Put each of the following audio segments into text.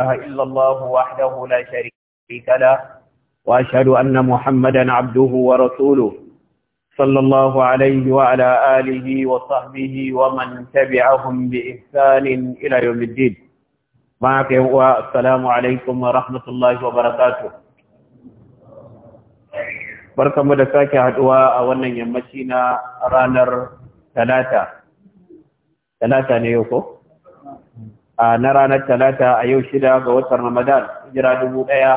إله إلا الله وحده لا شريك له وأشهد أن محمدا عبده ورسوله صلى الله عليه وعلى آله وصحبه ومن تبعهم بإحسان إلى يوم الدين معك والسلام عليكم ورحمة الله وبركاته barkamu da sake haduwa يمشينا رانر ثلاثة ثلاثة نيوكو na ranar talata a yau shida ga watan ramadan jira dubu ɗaya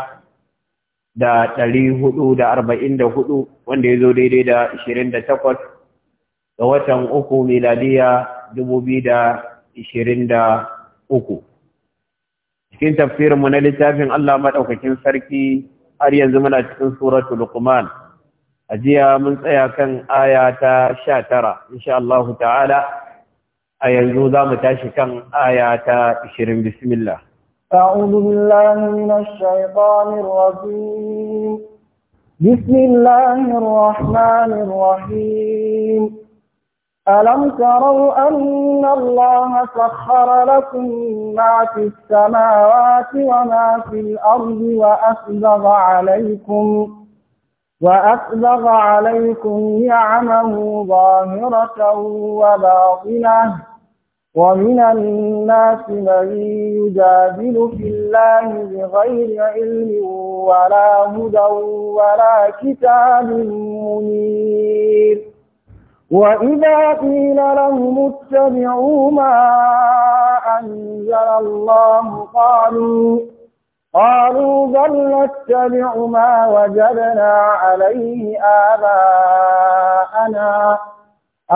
da ɗari hudu da arba'in da hudu wanda ya zo daidai da ishirin da takwas ga watan uku miladiya dubu biyu da ishirin da uku cikin tafsirinmu na littafin allah maɗaukakin sarki har yanzu muna cikin suratu lukman, a jiya mun tsaya kan aya ta sha tara insha allahu ta'ala a yanzu za mu tashi kan aya ta 20 bismillah أعوذ بالله من الشيطان الرجيم بسم الله الرحمن الرحيم ألم تروا أن الله سخر لكم ما في السماوات وما في الأرض وأسبغ عليكم وأسبغ عليكم نعمه ظاهرة وباطنة ومن الناس من يجادل في الله بغير علم ولا هدى ولا كتاب منير وإذا قيل لهم اتبعوا ما أنزل الله قالوا قالوا بل نتبع ما وجدنا عليه آباءنا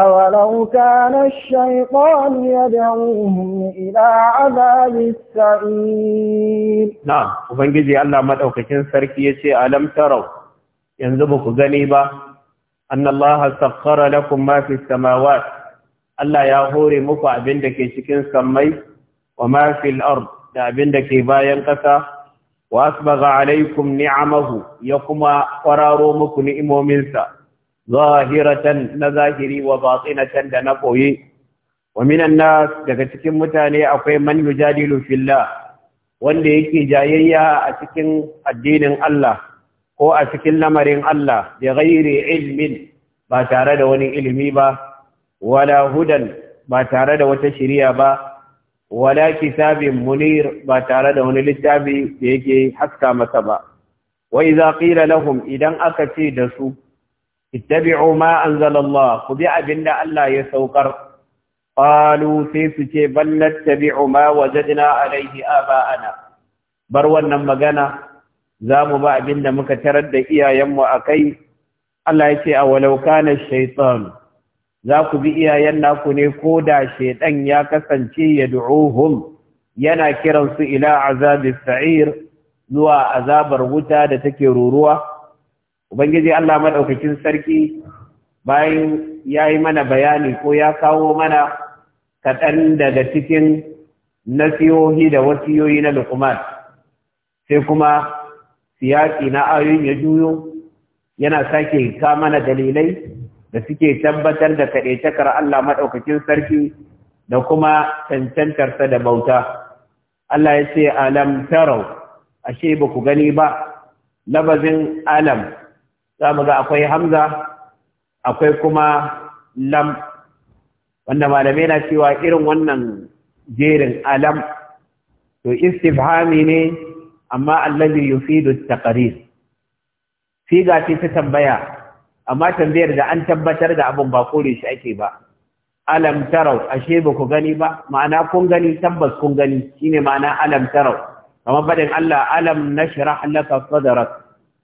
أولو كان الشيطان يدعوهم إلى عذاب السعير نعم وبنجي الله مدعوكين سركية ألم تروا ينذبك ذنيبا أن الله سخر لكم ما في السماوات الله يا هوري بندك أبندك سمي وما في الأرض بندك باين قسا وأسبغ عليكم نعمه يكما قرارو na نئمومنسا ظاهرة نظاهري وباطنة دنقوي ومن الناس دكتكم متاني أقوي من يجادل في الله wanda yake jayayya a cikin addinin Allah ko a cikin lamarin Allah da ghairi ilmin ba tare da wani ilimi ba wala hudan ba tare da wata shiriya ba wala kitabin munir ba tare da wani littafi da yake haska masa ba wa idza qila lahum idan aka ce da su ittabi'u ma anzalallah ku bi abinda Allah ya saukar qalu sai su ce bal nattabi'u ma wajadna alayhi aba'ana bar wannan magana za mu ba abinda muka tarar da iyayenmu akai Allah ya ce a walau kana shaytan za ku bi iyayen naku ne ko da shaidan ya kasance ya du'uhum yana kiransu ila azabi sa'ir zuwa azabar wuta da take ruruwa ubangiji Allah madaukakin sarki bayan yayi mana bayani ko ya kawo mana kaɗan daga cikin nasiyohi da wasiyoyi na Luqman sai kuma siyaki na ayoyin ya juyo yana sake ka mana dalilai da suke tabbatar da kaɗaitakar Allah maɗaukakin sarki da kuma cancantarsa da bauta. Allah ya ce alam tarau, ashe ba ku gani ba, labazin alam, za mu ga akwai hamza, akwai kuma lam, wanda malamai na cewa irin wannan jerin alam, to istifhami ne, amma allazi yufidu taqrir. Figa ce ta tambaya amma tambayar da an tabbatar da abin ba kore shi ake ba alam tarau ashe ba ku gani ba ma'ana kun gani tabbas kun gani shine ma'ana alam tarau kamar badin Allah alam nashrah laka sadrak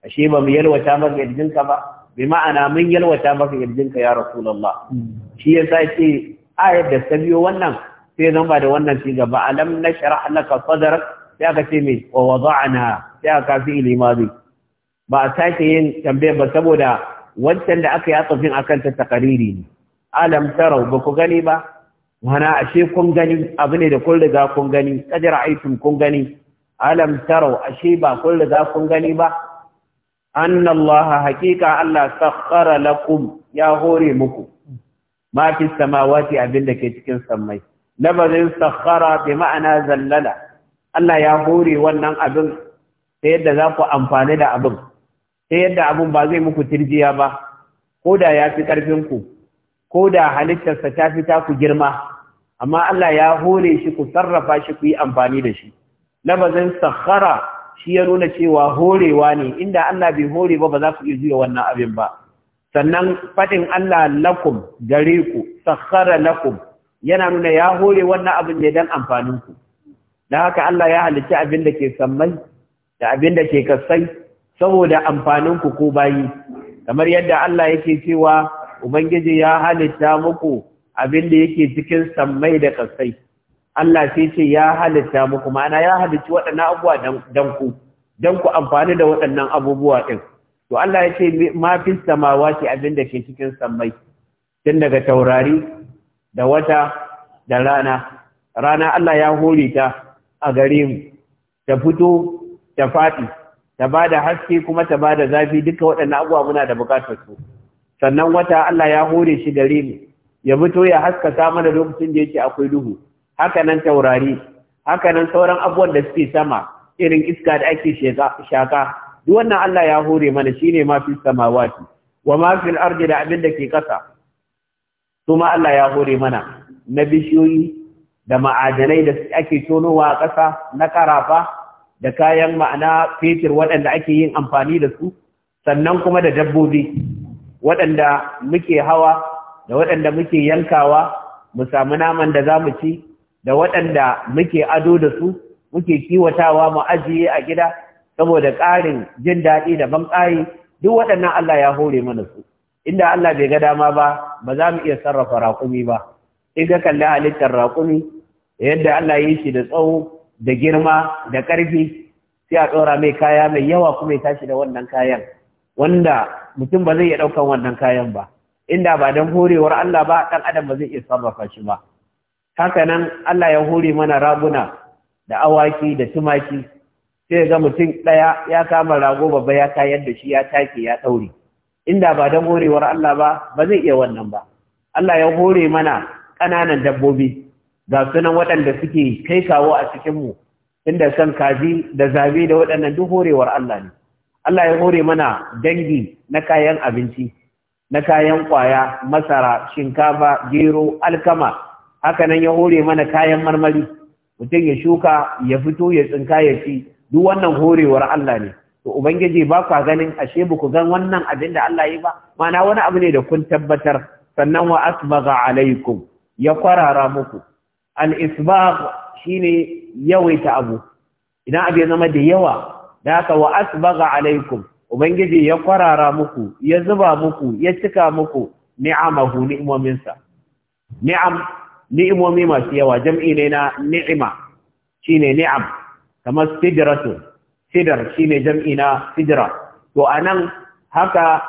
ashe ba mu yalwata maka yadinka ba bi ma'ana mun yalwata maka yadinka ya rasulullah shi yasa ce ayar da ta biyo wannan sai zan ba da wannan shi gaba alam nashrah laka sadrak sai aka ce me wa wada'na sai aka fi ilimadi ba a sake yin tambayar ba saboda wancan da aka yi atsafin akan ta takariri ne alam tarau ba ku gani ba wana ashe kun gani abu ne da kun riga kun gani kajar aikin kun gani alam tarau ashe ba kun riga kun gani ba anna Allah Allah sakkara lakum ya hore muku ma fi samawati da ke cikin sammai labarin sakkara bi ma'ana zallala Allah ya hore wannan abin ta yadda za ku amfani da abin sai yadda abun ba zai muku tirjiya ba ko da ya fi ƙarfinku ko da halittarsa ta fi ku girma amma Allah ya hore shi ku sarrafa shi ku yi amfani da shi lamazin sahara shi ya nuna cewa horewa ne inda Allah bai hore ba ba za ku iya juya wannan abin ba sannan faɗin Allah lakum gare ku sahara lakum yana nuna ya hore wannan abin ne dan amfanin ku dan haka Allah ya halicci abin da ke sammai da abin da ke kasai saboda amfaninku ku ko bayi kamar yadda Allah yake cewa ubangiji ya halitta muku abin da yake cikin sammai da kasai Allah sai ce ya halitta muku ma'ana ya halicci waɗannan abubuwa dan ku dan ku amfani da waɗannan abubuwa din to Allah ya ce ma fi samawati abin da ke cikin sammai tun daga taurari da wata da rana rana Allah ya hore ta a gare mu ta fito ta faɗi ta ba da haske kuma ta ba da zafi duka waɗannan abuwa muna da bukatar su sannan wata Allah ya hore shi gare mu ya fito ya haska haskaka mana lokacin da yake akwai duhu haka nan taurari haka nan sauran abubuwan da suke sama irin iska da ake shaka duk wannan Allah ya hore mana shine ma fi samawati wa ma fil ardi da abin da ke kasa kuma Allah ya hore mana na bishiyoyi da ma'adanai da ake tonowa a ƙasa na karafa da kayan ma'ana fetur waɗanda ake yin amfani da su sannan kuma da dabbobi waɗanda muke hawa da waɗanda muke yankawa mu samu naman da za mu ci da waɗanda muke ado da su muke kiwatawa mu ajiye a gida saboda ƙarin jin daɗi da banƙayi duk waɗannan Allah ya hore mana su inda Allah bai ga dama ba ba za mu iya sarrafa raƙumi ba in ka kalli halittar raƙumi yadda Allah ya yi shi da tsawo da girma da ƙarfi sai a ɗora mai kaya mai yawa kuma ya tashi da wannan kayan wanda mutum ba zai iya ɗaukan wannan kayan ba inda ba don horewar Allah ba ɗan adam ba zai iya sarrafa shi ba haka nan Allah ya hore mana raguna da awaki da tumaki sai ga mutum ɗaya ya kama rago babba ya kayar da shi ya take ya ɗaure inda ba don horewar Allah ba ba zai iya wannan ba Allah ya hore mana ƙananan dabbobi ga sunan waɗanda suke kai kawo a cikinmu inda san kaji da zabe da waɗannan duk horewar Allah ne Allah ya hore mana dangi na kayan abinci na kayan ƙwaya, masara shinkafa gero alkama hakanan ya hore mana kayan marmari mutum ya shuka ya fito ya tsinka ya ci duk wannan horewar Allah ne to ubangiji ba ku ganin ashe ba ku gan wannan abin da Allah yi ba mana wani abu ne da kun tabbatar sannan wa asbaga alaikum ya kwarara muku al-isbagh shine yawaita abu idan abu ya zama da yawa da haka wa asbagha alaikum ubangiji ya kwarara muku ya zuba muku ya cika muku ni'amahu ni'imominsa ni'am ni'imomi masu yawa jam'i ne na ni'ima shine ni'am kamar sidratu sidar shine jam'i na sidra to anan haka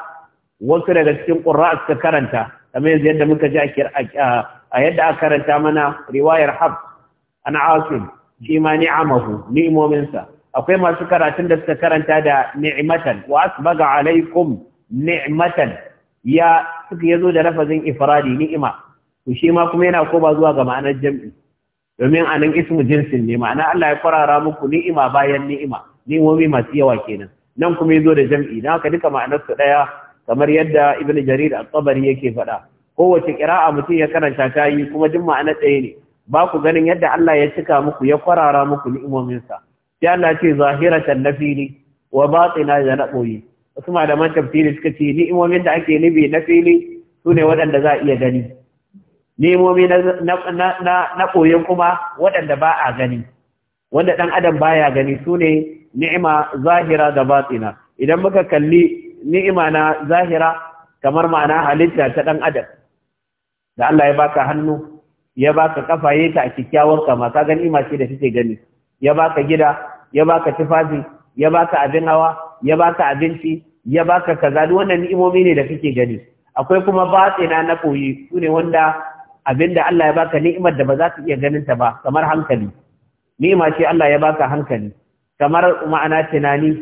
wasu daga cikin qurra'a suka karanta kamar yadda muka ji a a yadda aka karanta mana riwayar hab an asim shi ma ni'amahu ni'imominsa akwai masu karatun da suka karanta da ni'matan wa asbaga alaikum ni'matan ya suka yazo da lafazin ifradi ni'ima to shi ma kuma yana koba zuwa ga ma'anar jam'i domin anan ismu jinsin ne ma'ana Allah ya farara muku ni'ima bayan ni'ima ni'imomi masu yawa kenan nan kuma yazo da jam'i dan haka duka ma'anar su daya kamar yadda ibnu jarir at-tabari yake faɗa kowace ƙira'a mutum ya karanta ta yi kuma duk ma'ana ɗaya ne ba ku ganin yadda Allah ya cika muku ya kwarara muku ni'imominsa sai Allah ce zahiratan na fili wa batina da na ɓoye wasu malaman tafsiri suka ce ni'imomin da ake nufi na fili su ne waɗanda za a iya gani ni'imomi na ɓoye kuma waɗanda ba a gani wanda ɗan adam baya gani su ne ni'ima zahira da batina idan muka kalli ni'ima na zahira kamar ma'ana halitta ta ɗan adam da Allah ya baka hannu ya baka kafa yayi ka a kikkiawar kama ka gani ma ce da kike gani ya baka gida ya baka tufafi ya baka abin hawa ya baka abinci ya baka kaza duk wannan ni'imomi ne da kike gani akwai kuma batsina na koyi sune wanda abinda Allah ya baka ni'imar da ba za ka iya ganin ta ba kamar hankali ni'ima ce Allah ya baka hankali kamar ma'ana tunani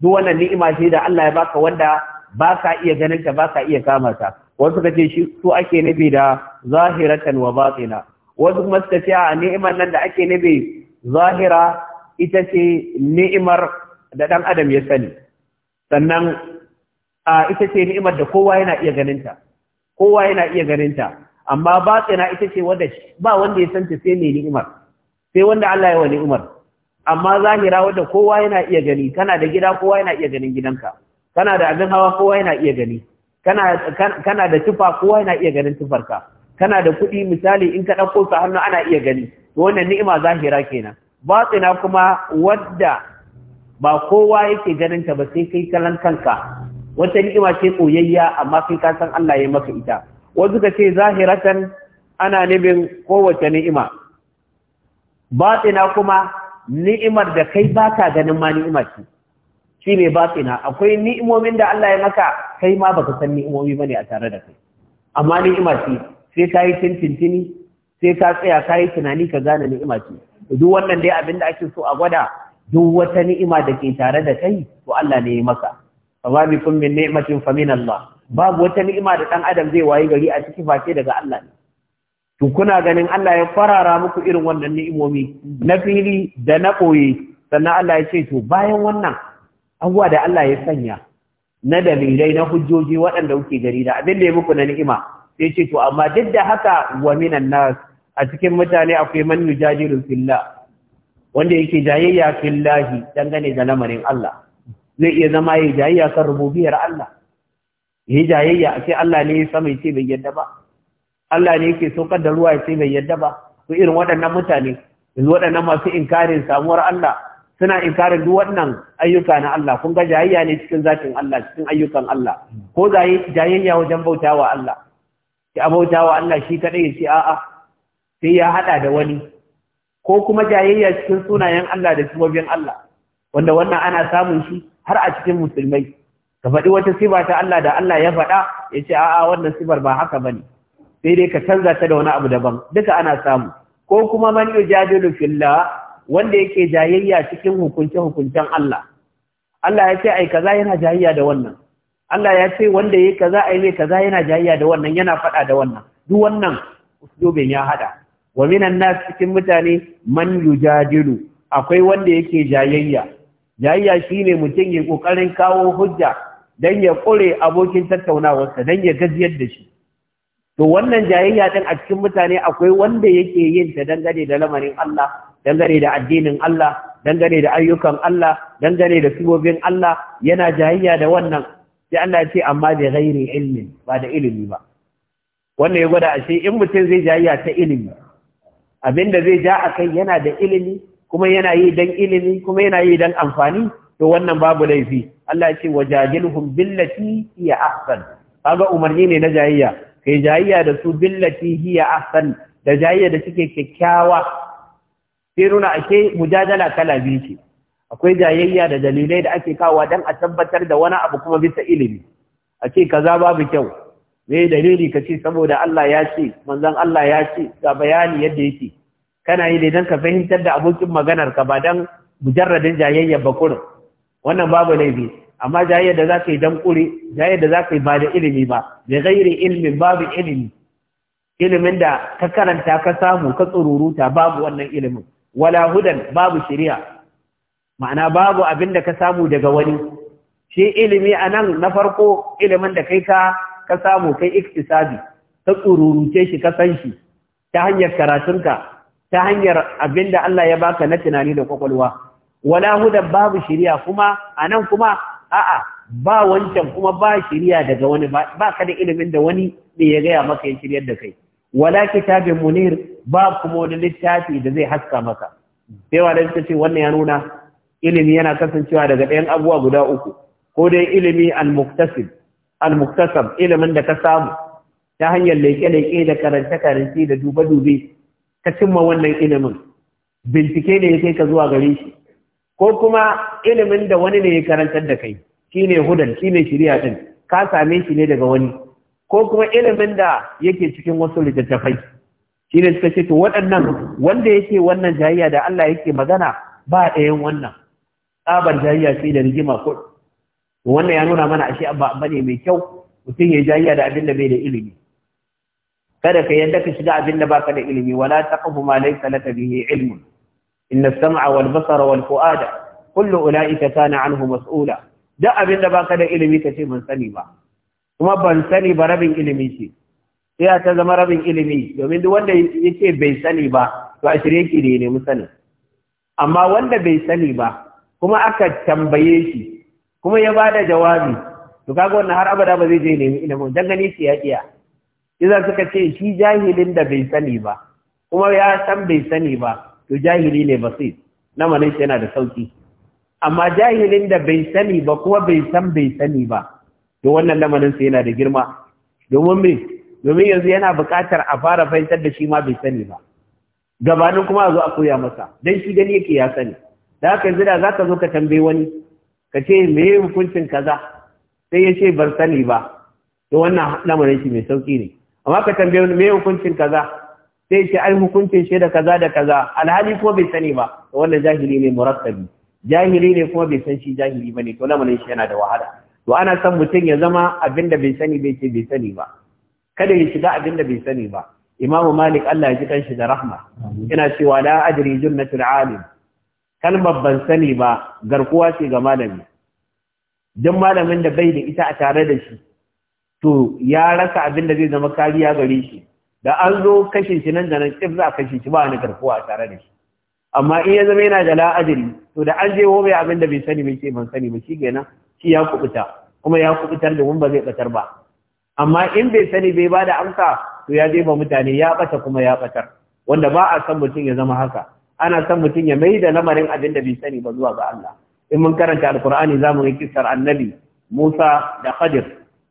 duk wannan ni'ima ce da Allah ya baka wanda ba ka iya ganin ta ba ka iya kama ta wasu ka ce shi su ake nufi da zahiratan wa batina wasu kuma suka ce a ni'imar nan da ake nufi zahira ita ce ni'imar da dan adam ya sani sannan a ita ce ni'imar da kowa yana iya ganinta kowa yana iya ganinta amma batina ita ce wanda ba wanda ya san ta sai mai ni'imar sai wanda Allah ya wa ni'imar amma zahira wanda kowa yana iya gani kana da gida kowa yana iya ganin gidanka kana da abin hawa kowa yana iya gani kana da tufa kowa yana iya ganin tufarka kana da kuɗi misali in ka ɗauko su hannu ana iya gani wannan ni'ima zahira kenan batsina kuma wadda ba kowa yake ganin ta ba sai kai kalan kanka wata ni'ima ce koyayya amma kai ka san Allah ya maka ita wasu ka ce zahiratan ana nufin kowace ni'ima batsina kuma ni'imar da kai baka ganin ma ni'ima ce ba tsina akwai ni'imomin da Allah ya maka kai ma baka san ni'imomi bane a tare da kai amma ni'ima ce sai ka yi tintintini sai ka tsaya ka yi tunani ka gane ni'ima ce duk wannan dai abin da ake so a gwada duk wata ni'ima da ke tare da kai to Allah ne ya maka amma bi kun min ni'matin fa min Allah babu wata ni'ima da ɗan adam zai wayi gari a ciki face daga Allah ne to kuna ganin Allah ya farara muku irin wannan ni'imomi na fili da na koyi sannan Allah ya ce to bayan wannan abuwa da Allah ya sanya na dalilai na hujjoji waɗanda kuke gari da abin da ya muku na ni'ima sai ce to amma duk da haka wa minan nas a cikin mutane akwai man yujadilu fillah wanda yake jayayya fillahi dangane da lamarin Allah zai iya zama yayi jayayya kan rububiyar Allah yayi jayayya sai Allah ne ya ce bai yadda ba Allah ne yake saukar da ruwa ya ce bai yadda ba to irin waɗannan mutane yanzu waɗannan masu inkarin samuwar Allah suna inkarin duk wannan ayyuka na Allah kun ga jayayya ne cikin zatin Allah cikin ayyukan Allah ko jayayya wajen bautawa Allah ki abautawa Allah shi kadai ce a'a sai ya hada da wani ko kuma jayayya cikin sunayen Allah da sifofin Allah wanda wannan ana samun shi har a cikin musulmai ka faɗi wata siba ta Allah da Allah ya faɗa ya ce a'a wannan sifar ba haka bane sai dai ka canza ta da wani abu daban duka ana samu ko kuma man yujadilu fillah wanda yake jayayya cikin hukunce-hukuncen Allah. Allah ya ce ai kaza yana jayayya da wannan. Allah ya ce wanda yake kaza ai mai kaza yana jayayya da wannan yana faɗa da wannan. Duk wannan uslubin ya haɗa. Wa minan cikin mutane man yujadilu akwai wanda yake jayayya. Jayayya shine mutum ya kokarin kawo hujja dan ya kure abokin tattaunawarsa dan ya gajiyar da shi. To wannan jayayya din a cikin mutane akwai wanda yake yin ta dangane da lamarin Allah dangane da addinin Allah dangane da ayyukan Allah dangane da sibobin Allah yana jayayya da wannan sai Allah ya ce amma bi ghairi ilmin ba da ilimi ba wannan ya gwada ashe in mutum zai jayayya ta ilimi abinda zai ja a kai yana da ilimi kuma yana yi dan ilimi kuma yana yi dan amfani to wannan babu laifi Allah ya ce wajadilhum billati hiya ahsan kaga umarni ne na jayayya kai jahayya da su billati hiya ahsan da jayayya da suke kyakkyawa sai nuna ake mujadala kala biyu ce akwai jayayya da dalilai da ake kawo don a tabbatar da wani abu kuma bisa ilimi a ce za babu kyau me dalili ka ce saboda Allah ya ce manzon Allah ya ce ga bayani yadda yake kana yi dan ka fahimtar da abokin maganar ka ba dan mujarradin jayayya ba kurin wannan babu laifi amma jayayya da zaka yi dan kure jayayya da zaka yi ba da ilimi ba da ghairi ilimin babu ilimi ilimin da ka karanta ka samu ka tsururuta babu wannan ilimin wala hudan babu shari'a ma'ana babu abin da ka samu daga wani shi ilimi anan na farko ilimin da kai ka ka samu kai iktisabi ka tsururuce shi ka san shi ta hanyar karatunka ta hanyar abin da Allah ya baka na tunani da kwakwalwa wala hudan babu shari'a kuma anan kuma a'a ba wancan kuma ba shiriya daga wani ba ka da ilimin da wani ne ya gaya maka ya shiryar da kai wala kitabin munir ba kuma wani littafi da zai haska maka sai da suka ce wannan ya nuna ilimi yana kasancewa daga ɗayan abubuwa guda uku ko dai ilimi al-muktasib ilimin da ka samu ta hanyar leƙe-leƙe da karance-karance da dube-dube ka cimma wannan ilimin bincike ne ya kai ka zuwa gare shi ko kuma ilimin da wani ne ya karantar da kai shine hudan shine shiriya ɗin, ka same shi ne daga wani ko kuma ilimin da yake cikin wasu littattafai shi ne suka ce to waɗannan wanda yake wannan jayayya da Allah yake magana ba ɗayan wannan tsabar jayayya ce da rigima ko wannan ya nuna mana ashe ba bane mai kyau mutum ya jayayya da abin da bai da ilimi kada ka yadda ka shiga abin da baka da ilimi wala taqfu ma laysa laka bihi ilmun inna sama wal basara wal fu'ada kullu ulaika kana anhu mas'ula da abin da baka da ilimi kace ban sani ba kuma ban sani ba rabin ilimi ce sai ta zama rabin ilimi domin duk wanda yake bai sani ba to a shirye ki da ya nemi sani amma wanda bai sani ba kuma aka tambaye shi kuma ya ba da jawabi to kaga wannan har abada ba zai je nemi ilimin dan gani shi ya iya idan suka ce shi jahilin da bai sani ba kuma ya san bai sani ba to jahili ne basir na manin yana da sauki amma jahilin da bai sani ba kuma bai san bai sani ba don wannan lamarin sai yana da girma domin me domin yanzu yana buƙatar a fara fahimtar da shi ma bai sani ba gabanin kuma a zo a koya masa dan shi gani yake ya sani da haka yanzu da zaka zo ka tambaye wani ka ce me hukuncin kaza sai ya ce bar sani ba to wannan lamarin shi mai sauki ne amma ka tambaye wani me hukuncin kaza sai ce ai hukuncin shi da kaza da kaza alhali kuma bai sani ba To wannan jahili ne murakkabi jahili ne kuma bai san shi jahili bane to lamarin shi yana da wahala to ana son mutum ya zama abin da bai sani bai ce bai sani ba kada ya shiga abin da bai sani ba imamu malik Allah ya ji kanshi da rahma ina cewa la ajri jannatul alim kalmar ban sani ba garkuwa ce ga malami duk malamin da bai da ita a tare da shi to ya rasa abin da zai zama kariya gare shi da an zo kashin shi nan da nan tsif za a kashe shi ba wani garkuwa a tare da shi amma in ya zama yana da la'adari to da an je wobe abin da bai sani bai ce ban sani ba shi kenan shi ya kubuta kuma ya kubutar domin ba zai batar ba amma in bai sani bai ba da amsa to ya jefa mutane ya bata kuma ya batar wanda ba a san mutum ya zama haka ana san mutum ya mai da lamarin abin da bai sani ba zuwa ga Allah in mun karanta alkur'ani zamu mu yi kisar annabi Musa da Khadir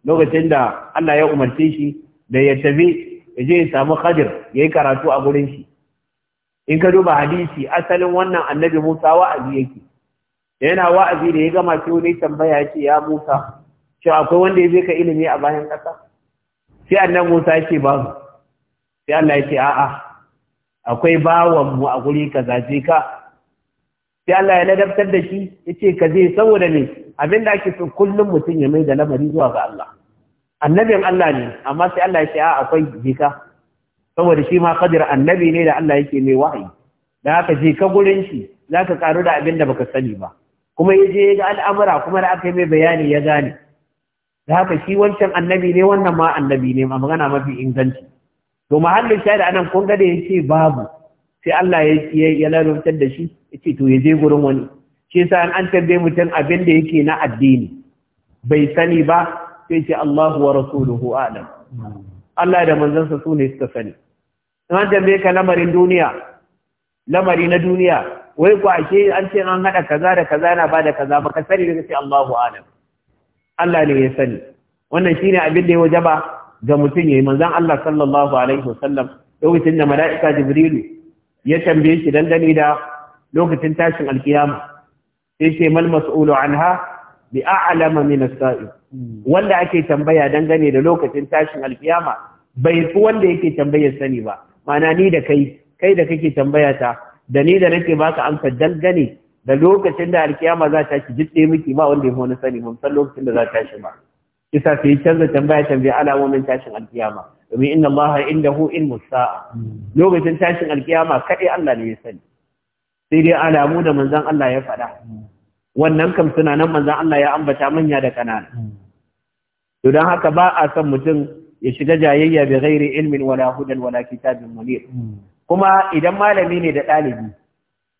lokacin da Allah ya umarce shi da ya tafi ya je ya samu Khadir ya yi karatu a gurin shi in ka duba hadisi asalin wannan annabi Musa wa'azi yake yana wa'azi da ya gama shi wani tambaya ce ya Musa shi akwai wanda ya je ka ilimi a bayan ƙasa sai annan Musa ya ce babu sai Allah ya ce a'a akwai bawan mu a guri kaza, je ka sai Allah ya ladabtar da shi ya ce ka je saboda me abin da ake so kullum mutum ya mai da lamari zuwa ga Allah annabin Allah ne amma sai Allah ya ce a'a akwai ka saboda shi ma kadir annabi ne da Allah yake mai wahayi da haka je ka gurin shi za ka karu da abin da baka sani ba kuma ya je ya ga al'amura kuma da aka yi mai bayani ya gane da haka shi wancan annabi ne wannan ma annabi ne ma magana mafi inganci to mahallin shaida anan kun ga da ya ce babu sai Allah ya ya laluntar da shi ya ce to ya je gurin wani shi yasa an an tambaye mutum abin da yake na addini bai sani ba sai ce Allah wa rasuluhu a'lam Allah da manzansa su ne suka sani an tambaye ka lamarin duniya lamari na duniya wai ko ashe an ce an hada kaza da kaza yana bada kaza maka sani da ce Allahu alam Allah ne ya sani wannan shine abin da ya wajaba ga mutum yayi manzon Allah sallallahu alaihi wasallam lokacin da mala'ika Jibrilu ya tambaye shi dangane da lokacin tashin alkiyama sai ce mal mas'ulu anha bi a'lama min as sai wanda ake tambaya dangane da lokacin tashin alkiyama bai fi wanda yake tambayar sani ba ma'ana ni da kai kai da kake tambaya ta da ni da nake baka amsa dangane da lokacin da alkiyama za ta ci jidde miki ba wanda ya wani sani mun san lokacin da za ta shi ba kisa sai canza tambaya tambaya alamomin tashin alkiyama domin inna allaha indahu ilmu sa'a lokacin tashin alkiyama kadai Allah ne ya sani sai dai alamu da manzon Allah ya faɗa wannan kam suna nan manzon Allah ya ambata manya da kanana to dan haka ba a son mutum ya shiga jayayya bi ghairi ilmin wala hudan wala kitabin munir kuma idan malami ne da ɗalibi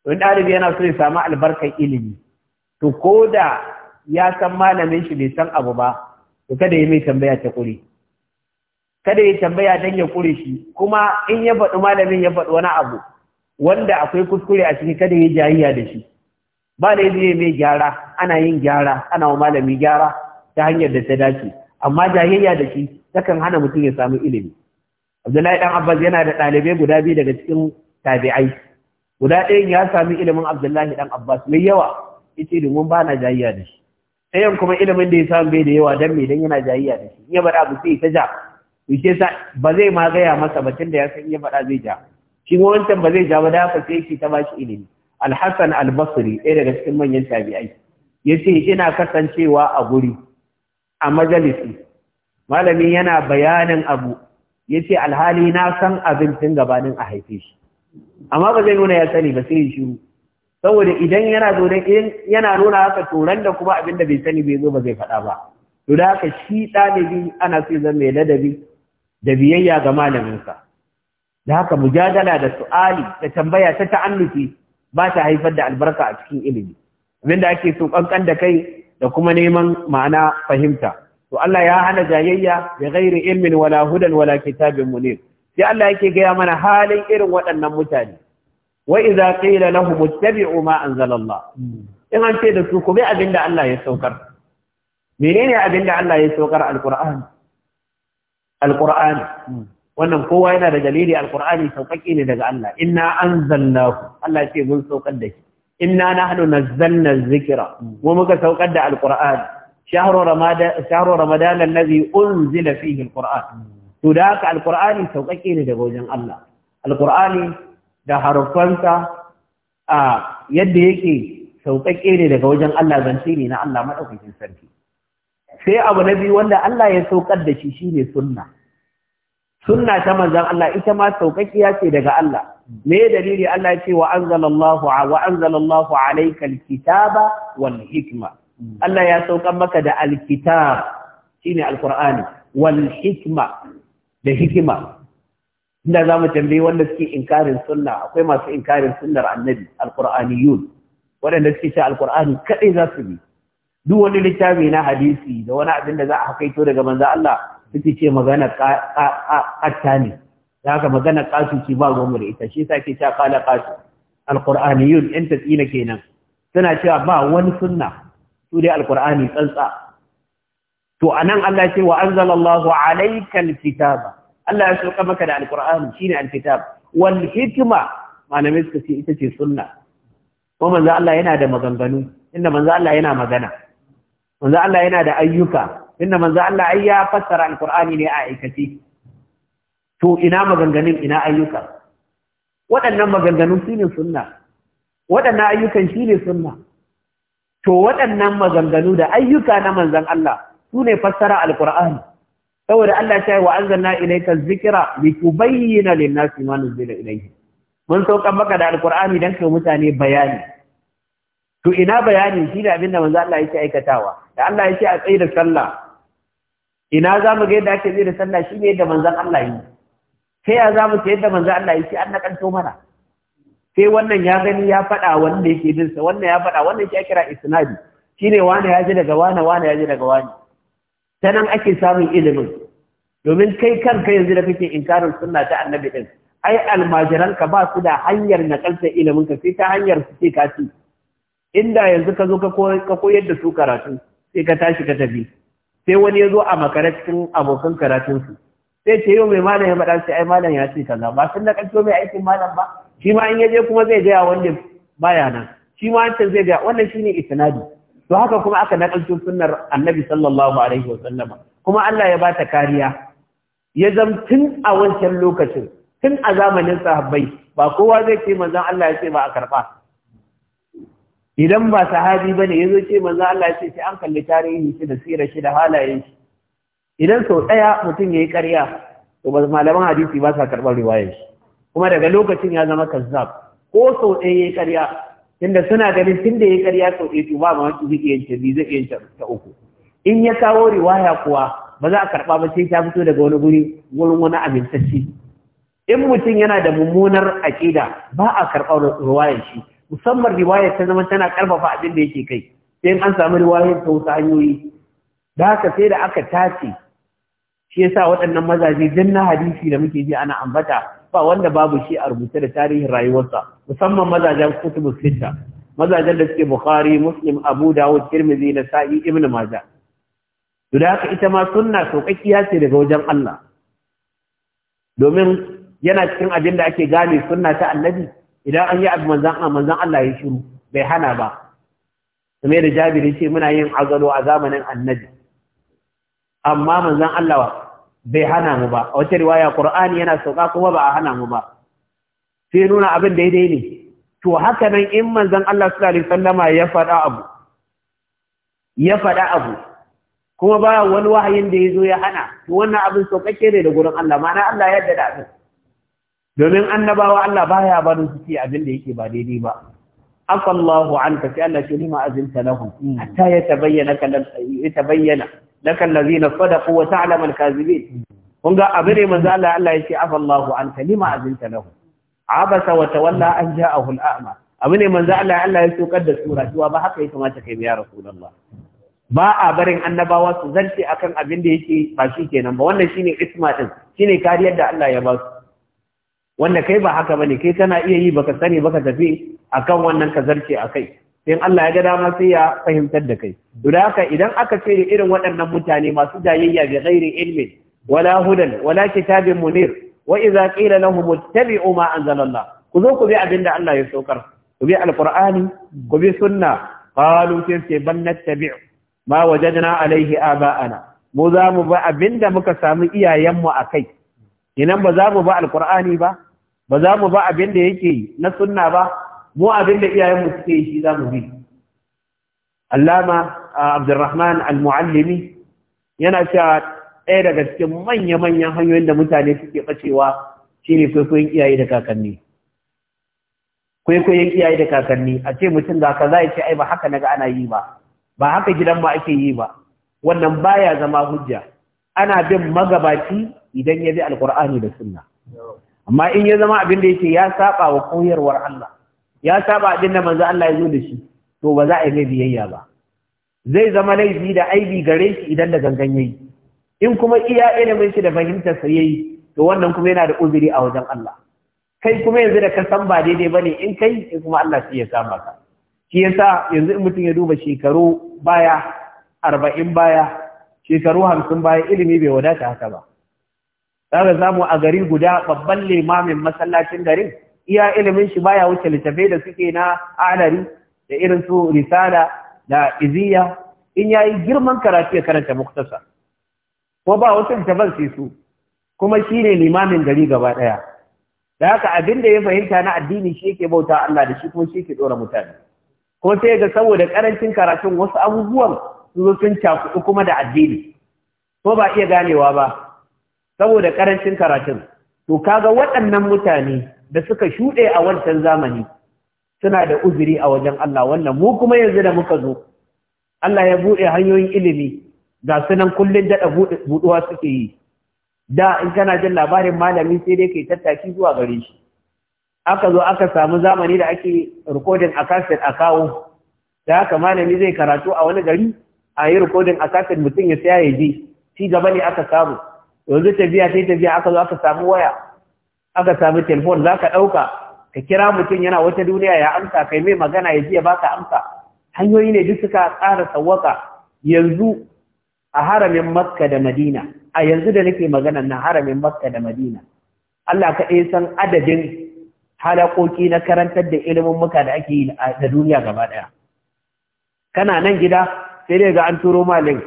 in ɗalibi yana so ya samu albarkar ilimi to koda ya san malamin shi bai san abu ba to kada ya mai tambaya ta kure kada ya tambaya dan ya kure shi kuma in ya faɗi malamin ya faɗi wani abu wanda akwai kuskure a ciki kada ya jayiya da shi ba da ya mai gyara ana yin gyara ana wa malami gyara ta hanyar da ta dace amma jayayya da shi takan hana mutum ya samu ilimi Abdullahi dan Abbas yana da ɗalibai guda biyu daga cikin tabi'ai. Guda ɗayan ya sami ilimin Abdullahi dan Abbas mai yawa, yace domin ba na jayayya da shi. Ɗayan kuma ilimin da ya samu bai da yawa dan me dan yana jayayya da shi. In ya faɗa abu sai ta ja. ke sa ba zai ma gaya masa ba da ya san ya faɗa zai ja. Shi wancan ba zai ja ba da sai shi ta bashi ilimi. al hasan Al-Basri ɗaya daga cikin manyan tabi'ai. Yace ina kasancewa a guri a majalisi. Malami yana bayanin abu ya ce alhali na san abin abincin gabanin a haife shi amma ba zai nuna ya sani ba sai shiru saboda idan yana zo da in yana nuna haka turan da kuma abin da bai sani bai zo ba zai faɗa ba to da haka shi ɗalibi ana so zan mai ladabi da biyayya ga malaminsa da haka mujadala da su'ali da tambaya ta ta'annufi ba ta haifar da albarka a cikin ilimi abinda ake so kankan da kai da kuma neman ma'ana fahimta to Allah ya hana jayayya da gairi ilmin wala hudan wala kitabin munir sai Allah yake gaya mana halin irin waɗannan mutane wa idza qila lahum ittabi'u ma anzala in an ce da su ku bi abinda Allah ya saukar menene abinda Allah ya saukar alqur'ani alqur'ani wannan kowa yana da dalili alqur'ani saukake ne daga Allah inna anzalnahu Allah ce mun saukar da shi inna nahnu nazzalna dhikra mu muka saukar da alqur'ani shahru ramadan shahru ramadan allazi unzila fihi alquran to da haka alqurani sauƙaƙe ne daga wajen Allah alqurani da harufansa a yadda yake sauƙaƙe ne daga wajen Allah zance ne na Allah madaukakin sarki sai abu na biyu wanda Allah ya saukar da shi shine sunna sunna ta manzon Allah ita ma sauƙaƙiya ce daga Allah me dalili Allah ya ce wa anzalallahu wa anzalallahu kitaba wal hikma Allah ya sauka maka da alkitab shine alqur'ani wal hikma da hikima inda zamu tambayi wanda suke inkarin sunna akwai masu inkarin sunnar annabi alqur'aniyun waɗanda suke cewa alqur'ani kadai za su bi duk wani littafi na hadisi da wani abin da za a hakaito daga manzo Allah suke ce magana ƙatta ne da haka magana ƙasu ce ba ruwanmu da ita shi yasa ke cewa qala ƙasu alqur'aniyun ƴan tsina kenan suna cewa ba wani sunna su dai alkur'ani tsantsa to anan Allah ya ce wa anzalallahu alaykal kitaba Allah ya sauka maka da alkur'ani shine alkitab wal hikma malamai suka ce ita ce sunna ko manzo Allah yana da maganganu inda manzo Allah yana magana manzo Allah yana da ayyuka inda manzo Allah ai ya fassara alkur'ani ne a aikace to ina maganganun ina ayyuka waɗannan maganganun shine sunna waɗannan ayyukan shine sunna to waɗannan maganganu da ayyuka na manzan Allah su ne fassara alƙur'ani saboda Allah ya wa anzalna ilayka li tubayyana lin-nasi ma nuzila ilayhi mun kan maka da alƙur'ani dan kai mutane bayani to ina bayani shi da abinda manzo Allah yake aikatawa da Allah yake a tsayi da sallah ina za mu ga yadda ake tsayi da sallah ne da manzo Allah yi sai ya za mu ce yadda manzo Allah yake an nakanto mana sai wannan ya gani ya faɗa wanda yake bin sa wannan ya faɗa wannan ya kira isnadi shine wani ya ji daga wani wani ya ji daga wani ta nan ake samun ilimin domin kai kanka yanzu da kake inkarin sunna ta annabi din ai almajiran ka ba su da hanyar nakalta ilimin ka sai ta hanyar su ce ka ci inda yanzu ka zo ka koyar da su karatu sai ka tashi ka tafi sai wani ya zo a makarantun cikin abokan karatunsu sai ce yau mai malam ya faɗa sai ai malam ya ce kaza ba sun nakalto mai aikin malam ba shi ma in yaje kuma zai gaya wanda baya nan shi ma wancan zai gaya wannan shine isnadi to haka kuma aka nakalto sunnar annabi sallallahu alaihi wa sallama kuma Allah ya bata kariya ya zam tun a wancan lokacin tun a zamanin sahabbai ba kowa zai ce manzon Allah ya ce ba a karba idan ba sahabi ba ne ya zo ce manzo Allah ya ce sai an kalli tarihi shi da sirar shi da halayen shi idan sau ɗaya mutum ya yi ƙarya to malaman hadisi ba sa karɓar riwayar shi kuma daga lokacin ya zama kazzab ko sau ɗaya ya yi ƙarya tunda suna ganin tun da ya yi ƙarya sau ɗaya to ba ma wani zai iya yin zai ta uku in ya kawo riwaya kuwa ba za a karɓa ba sai ta fito daga wani guri wurin wani amintacci in mutum yana da mummunar aƙida ba a karɓar riwayar shi musamman riwayar ta zama tana ƙarfafa abin da yake kai sai an samu riwayar ta wasu hanyoyi da haka sai da aka tace shi yasa waɗannan mazaje na hadisi da muke ji ana ambata ba wanda babu shi a rubuce da tarihin rayuwarsa musamman mazajen kutubu sita mazajen da suke bukhari muslim abu dawud tirmidhi sa'i Ibn maja to da haka ita ma sunna sauƙaƙiya ce daga wajen Allah domin yana cikin abin da ake gane sunna ta annabi idan an yi abu manzan a manzan Allah ya shiru bai hana ba kuma da jabiri ce muna yin azalo a zamanin annabi amma manzan Allah bai hana mu ba a wata riwaya qur'ani yana sauka kuma ba a hana mu ba sai nuna abin daidai ne to haka nan in manzon Allah sallallahu alaihi wasallama ya faɗa abu ya faɗa abu kuma ba wani wahayin da ya zo ya hana to wannan abin sauƙaƙe ne da gurin Allah ma'ana Allah ya da abin domin annabawa Allah baya barin su ci abin da yake ba daidai ba afallahu anka sai Allah shi lima azinta hatta yatabayyana kallan tabayyana. laka allazina sadaqu wa ta'lamu al-kazibin kun ga abin ne manzo Allah Allah yake afa Allahu an kalima azinta lahu abasa wa tawalla an ja'ahu al-a'ma abin ne manzo Allah Allah ya sokar da sura cewa ba haka ya kamata kai ya rasulullah ba a barin annabawa su zarce akan abin da yake ba shi kenan ba wannan shine isma din shine kariyar da Allah ya ba su wanda kai ba haka bane kai kana iya yi baka sani baka tafi akan wannan ka zarce akai in Allah ya ga dama sai ya fahimtar da kai haka idan aka cire irin waɗannan mutane masu jayayya bi ghairi ilmi wala hudan wala kitabin munir wa idza qila lahum ittabi'u ma anzalallah ku zo ku bi abin Allah ya saukar ku bi alqur'ani ku bi sunna qalu sai ban nattabi' ma wajadna alaihi aba'ana mu za mu ba abinda muka samu iyayenmu a kai Idan ba za mu ba alqur'ani ba ba za mu ba abinda yake na sunna ba mu abin da iyayenmu suke yi shi za mu bi allama abdurrahman al-muallimi yana cewa ɗaya daga cikin manya-manyan hanyoyin da mutane suke ɓacewa shine kwaikwayon iyaye da kakanni iyaye da kakanni a ce mutum da ka za a ce ai ba haka naga ana yi ba ba haka gidan ma ake yi ba wannan baya zama hujja ana bin magabaci idan ya bi alkur'ani da sunna amma in ya zama abin da yake ya saba wa koyarwar Allah ya saba abin da manzo Allah ya zo da shi to ba za a yi mai biyayya ba zai zama laifi da aibi gare shi idan da gangan in kuma iya ilimin shi da fahimtar sa yayi to wannan kuma yana da uzuri a wajen Allah kai kuma yanzu da ka san ba daidai bane in kai sai kuma Allah shi ya kama ka shi yasa yanzu in mutum ya duba shekaru baya arba'in baya shekaru hamsin baya ilimi bai wadata haka ba za ka samu a gari guda babban limamin masallacin garin iya ilimin shi baya wuce littafai da suke na alari da irin su risala da iziya in yayi girman karatu ya karanta muktasa ko ba wata littafan sai su kuma shine limamin gari gaba daya da haka abinda ya fahimta na addini shi yake bauta Allah da shi kuma shi yake dora mutane ko sai ga saboda karancin karatun wasu abubuwan su zo sun cakuɗu kuma da addini ko ba iya ganewa ba saboda karancin karatun to kaga waɗannan mutane da suka shuɗe a wancan zamani suna da uzuri a wajen Allah wannan mu kuma yanzu da muka zo Allah ya buɗe hanyoyin ilimi ga sunan kullun daɗa buɗuwa suke yi da in kana jin labarin malami sai dai kai tattaki zuwa gare shi aka zo aka samu zamani da ake rikodin a kaset a kawo da haka malami zai karatu a wani gari a yi rikodin a kaset mutum ya saya ya ji, ci gaba ne aka samu yanzu tafiya sai tafiya aka zo aka samu waya aka sami telefon za ka ɗauka ka kira mutum yana wata duniya ya amsa kai mai magana ya ji ya ka amsa hanyoyi ne duk suka ƙara sawwaka yanzu a haramin makka da madina a yanzu da nake magana na haramin makka da madina Allah ka kaɗai san adadin halakoki na karantar da ilimin muka da ake yi da duniya gaba ɗaya kana nan gida sai dai ga an turo malin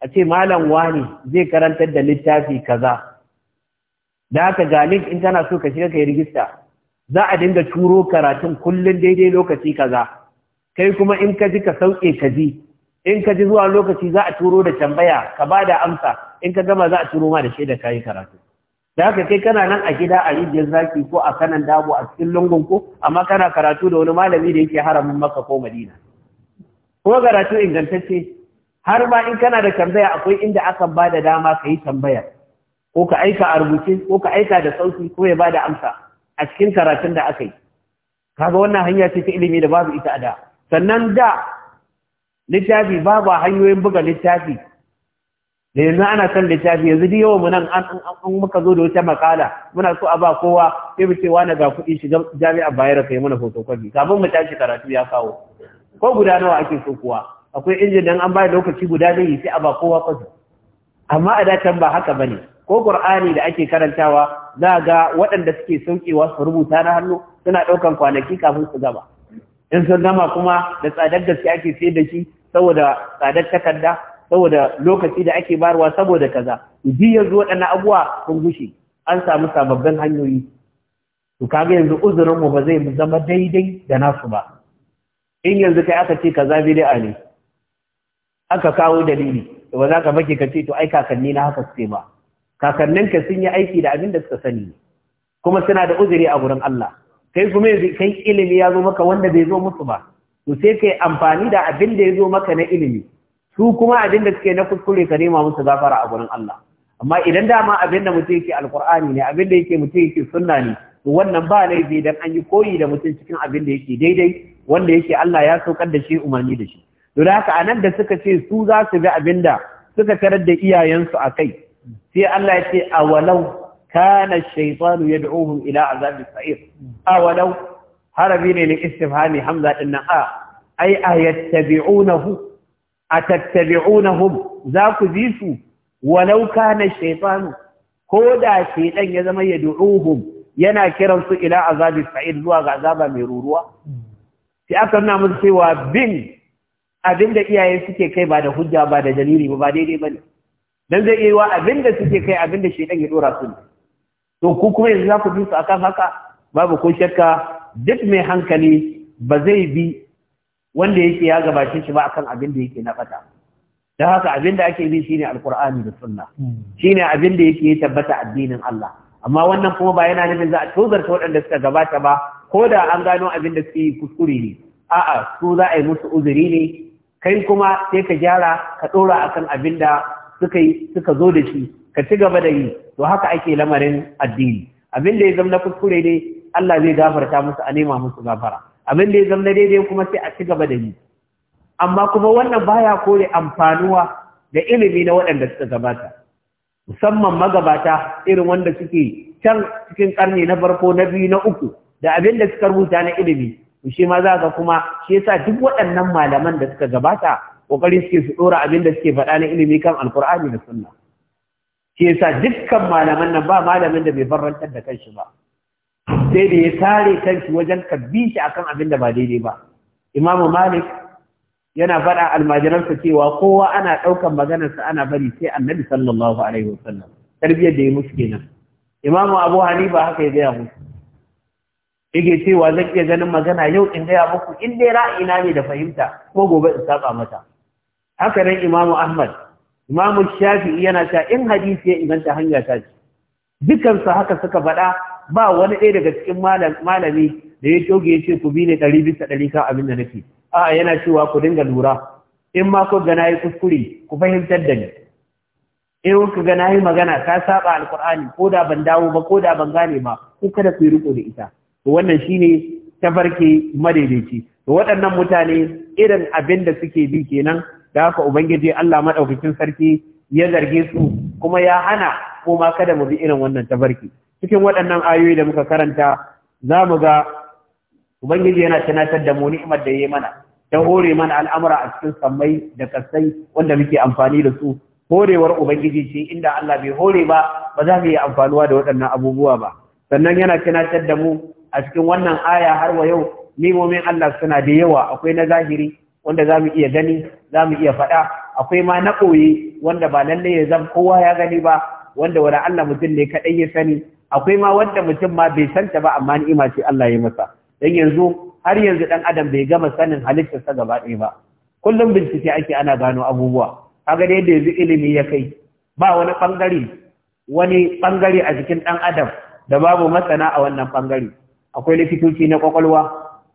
a ce malam wani zai karantar da littafi kaza da haka ga link in tana so ka shiga kai rigista, za a dinga turo karatun kullun daidai lokaci kaza kai kuma in ka ji ka sauke ka ji in ka ji zuwa lokaci za a turo da tambaya ka ba da amsa in ka gama za a turo ma da shaida kayi karatu da haka kai kana nan a gida a rijiyar zaki ko a kanan dabo a cikin lungun ko amma kana karatu da wani malami da yake haramin maka ko madina ko karatu ingantacce har ma in kana da tambaya akwai inda aka ba da dama ka yi tambayar ko ka aika a rubuce ko ka aika da sauki ko ya bada amsa a cikin karatun da aka yi kaga wannan hanya ce ta ilimi da babu ita a da sannan da littafi babu hanyoyin buga littafi da yanzu ana son littafi yanzu duk yawan mu nan an an muka zo da wata makala muna so a ba kowa sai mu ce wani ga kuɗi shiga jami'a bayar kai mana fotokofi kafin mu tashi karatu ya kawo ko guda nawa ake so kuwa akwai injin dan an bayar lokaci guda zai yi sai a ba kowa kwazo amma a da can ba haka bane ko Qur'ani da ake karantawa za ga waɗanda suke saukewa su rubuta na hannu suna ɗaukan kwanaki kafin su gama in sun gama kuma da tsadar gaske ake sayar da shi saboda tsadar takarda saboda lokaci da ake barwa saboda kaza ji yanzu waɗannan abuwa sun gushe an samu sababbin hanyoyi to kaga yanzu uzurin ba zai zama daidai da nasu ba in yanzu kai aka ce kaza bid'a ne aka kawo dalili to ba za ka bake ka ce to ai kakanni na haka suke ba kakanninka sun yi aiki da abin da suka sani kuma suna da uzuri a gurin Allah kai kuma yanzu kai ilimi ya zo maka wanda bai zo musu ba to sai kai amfani da abin da ya zo maka na ilimi su kuma abin da suke na kuskure ka nema musu gafara a gurin Allah amma idan dama abin da mutum yake alkur'ani ne abin da yake mutum yake sunna ne to wannan ba laifi dan an yi koyi da mutum cikin abin da yake daidai wanda yake Allah ya saukar da shi umarni da shi don da haka anan da suka ce su za su bi abin da suka karar da iyayensu a kai sai Allah ya ce a walau kana ya da'uhun ila azabi sa'ir walau harabi ne na istifhami hamza din nan a yattabi'unahu a atattabi'unahum za ku ji su walau kana shaitanu ko da ɗan ya zama ya da'uhun yana kiran su ila azabi sa'ir zuwa ga azaba mai ruruwa sai aka nuna musu cewa bin abinda iyaye suke kai ba da hujja ba da dalili ba daidai ba ne. dan zai yi wa abinda suke kai abinda dan ya dora su to ku kuma yanzu za ku bi su akan haka babu ko shakka duk mai hankali ba zai bi wanda yake ya gabace shi ba akan abinda da yake na fata da haka abinda ake bi shine alqur'ani da sunna shine abinda da yake tabbata addinin Allah amma wannan kuma ba yana nufin za a tozarta waɗanda suka gabata ba ko da an gano abin da suke kuskure ne a'a su za a yi musu uzuri ne kai kuma sai ka gyara ka ɗora akan abin da suka yi suka zo da shi ka ci gaba da yi to haka ake lamarin addini abin da ya zama na kuskure ne Allah zai gafarta musu a nema musu gafara abin da ya zama na daidai kuma sai a ci gaba da yi amma kuma wannan baya kore amfanuwa da ilimi na waɗanda suka gabata musamman magabata irin wanda suke can cikin karni na farko na biyu na uku da abin da suka rubuta na ilimi shi ma za ka kuma shi yasa duk waɗannan malaman da suka gabata kokari suke su dora abin da suke faɗa na ilimi kan alkur'ani da sunna Ke sa dukkan malaman nan ba malamin da bai farantar da kanshi ba sai da ya tare kanshi wajen bi shi akan abin da ba daidai ba imamu malik yana faɗa almajiransa cewa kowa ana ɗaukan maganarsa ana bari sai annabi sallallahu alaihi wasallam tarbiyyar da ya musu kenan imamu abu hanifa haka ya gaya musu yake cewa zan iya ganin magana yau in gaya muku in dai ra'ayina ne da fahimta ko gobe in saba mata haka nan imamu ahmad imamu shafi'i yana cewa in hadisi ya inganta hanya ta ce dukansu haka suka faɗa ba wani ɗaya daga cikin malami da ya coge ya ce ku bi ne ɗari bisa ɗari kan abin da nake a'a yana cewa ku dinga lura in ma ku ga nayi kuskure ku fahimtar da ni in ku ga nayi magana ta saba alqur'ani ko da ban dawo ba ko da ban gane ba ku kada ku yi riko da ita to wannan shine tafarki madaidaici to waɗannan mutane irin abin da suke bi kenan da haka ubangiji Allah madaukakin sarki ya zarge su kuma ya hana ko ma kada mu bi irin wannan tabarki cikin waɗannan ayoyi da muka karanta za mu ga ubangiji yana tunatar da mu ni'imar da ya mana ta hore mana al'amura a cikin sammai da kasai wanda muke amfani da su horewar ubangiji ce inda Allah bai hore ba ba za mu yi amfanuwa da waɗannan abubuwa ba sannan yana tunatar da mu a cikin wannan aya har wa yau nimomin Allah suna da yawa akwai na zahiri wanda za mu iya gani za mu iya faɗa akwai ma na ɓoye wanda ba lallai ya zama kowa ya gani ba wanda wani Allah mutum ne kaɗai ya sani akwai ma wanda mutum ma bai santa ba amma ni'ima ce Allah ya masa dan yanzu har yanzu dan adam bai gama sanin halittarsa gaba ɗaya ba kullum bincike ake ana gano abubuwa kaga da yadda yanzu ilimi ya kai ba wani bangare wani bangare a jikin ɗan adam da babu masana a wannan bangare akwai likitoci na kwakwalwa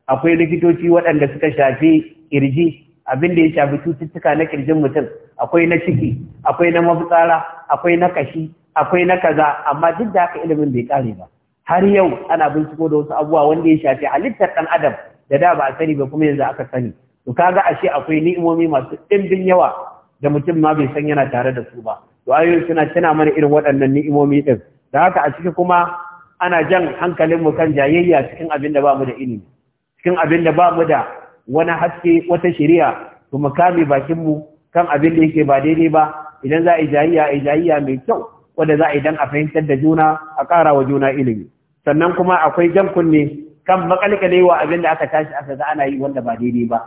akwai likitoci waɗanda suka shafi kirji abin da ya shafi cututtuka na kirjin mutum akwai na ciki akwai na mafitsara akwai na kashi akwai na kaza amma duk da haka ilimin bai kare ba har yau ana binciko da wasu abubuwa wanda ya shafi halittar ɗan adam da da ba a sani ba kuma yanzu aka sani to kaga ashe akwai ni'imomi masu ɗimbin yawa da mutum ma bai san yana tare da su ba to ayoyin suna tana mana irin waɗannan ni'imomi ɗin da haka a ciki kuma ana jan hankalin mu kan jayayya cikin abin da ba mu da ilimi cikin abin da ba mu da wani haske wata shari'a to mu kame bakin mu kan abin da yake ba daidai ba idan za a yi jayayya a jayayya mai kyau wanda za a idan a fahimtar da juna a ƙara wa juna ilimi sannan kuma akwai jan kunne kan wa abin da aka tashi aka ga ana yi wanda ba daidai ba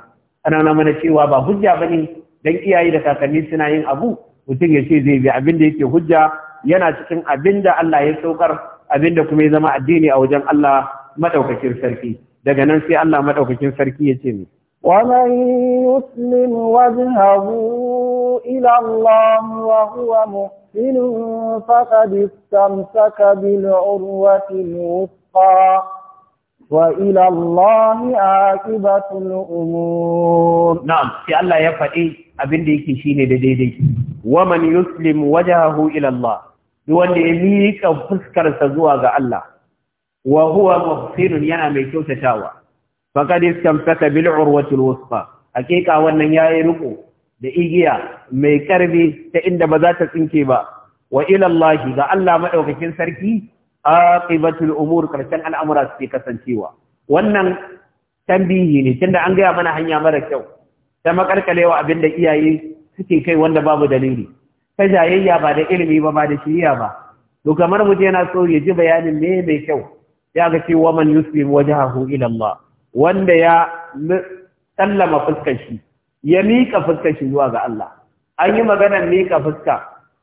ana mana cewa ba hujja bane dan iyaye da kakanni suna yin abu mutum ya ce zai bi abin da yake hujja yana cikin abin da Allah ya saukar abin da kuma ya zama addini a wajen Allah madaukakin sarki daga nan sai Allah madaukakin sarki ya ce ni ومن يسلم وجهه إلى الله وهو محسن فقد استمسك بالعروة الوثقى وإلى الله عاقبة الأمور نعم في الله يفعل abin da yake shine da daidai waman yuslim wajahahu ilallah. Allah wanda ya miƙa fuskarsa zuwa ga Allah wa huwa muhsinun yana mai kyautatawa faqad istamsaka bil urwati al wusqa hakika wannan yayi ruku, da igiya mai karbi ta inda ba za ta tsinke ba wa ila Allah ga Allah madaukakin sarki aqibatul umur karshen al'amura suke kasancewa wannan tambihi ne tunda an gaya mana hanya mara kyau ta makarkalewa abin da iyaye suke kai wanda babu dalili ta jayayya ba da ilimi ba ba da shiriya ba to kamar mu je na so ya ji bayanin me mai kyau ya ga ce wa man yuslim wajahu ila Allah wanda ya sallama fuskar shi ya mika fuskar shi zuwa ga Allah an yi magana mika fuska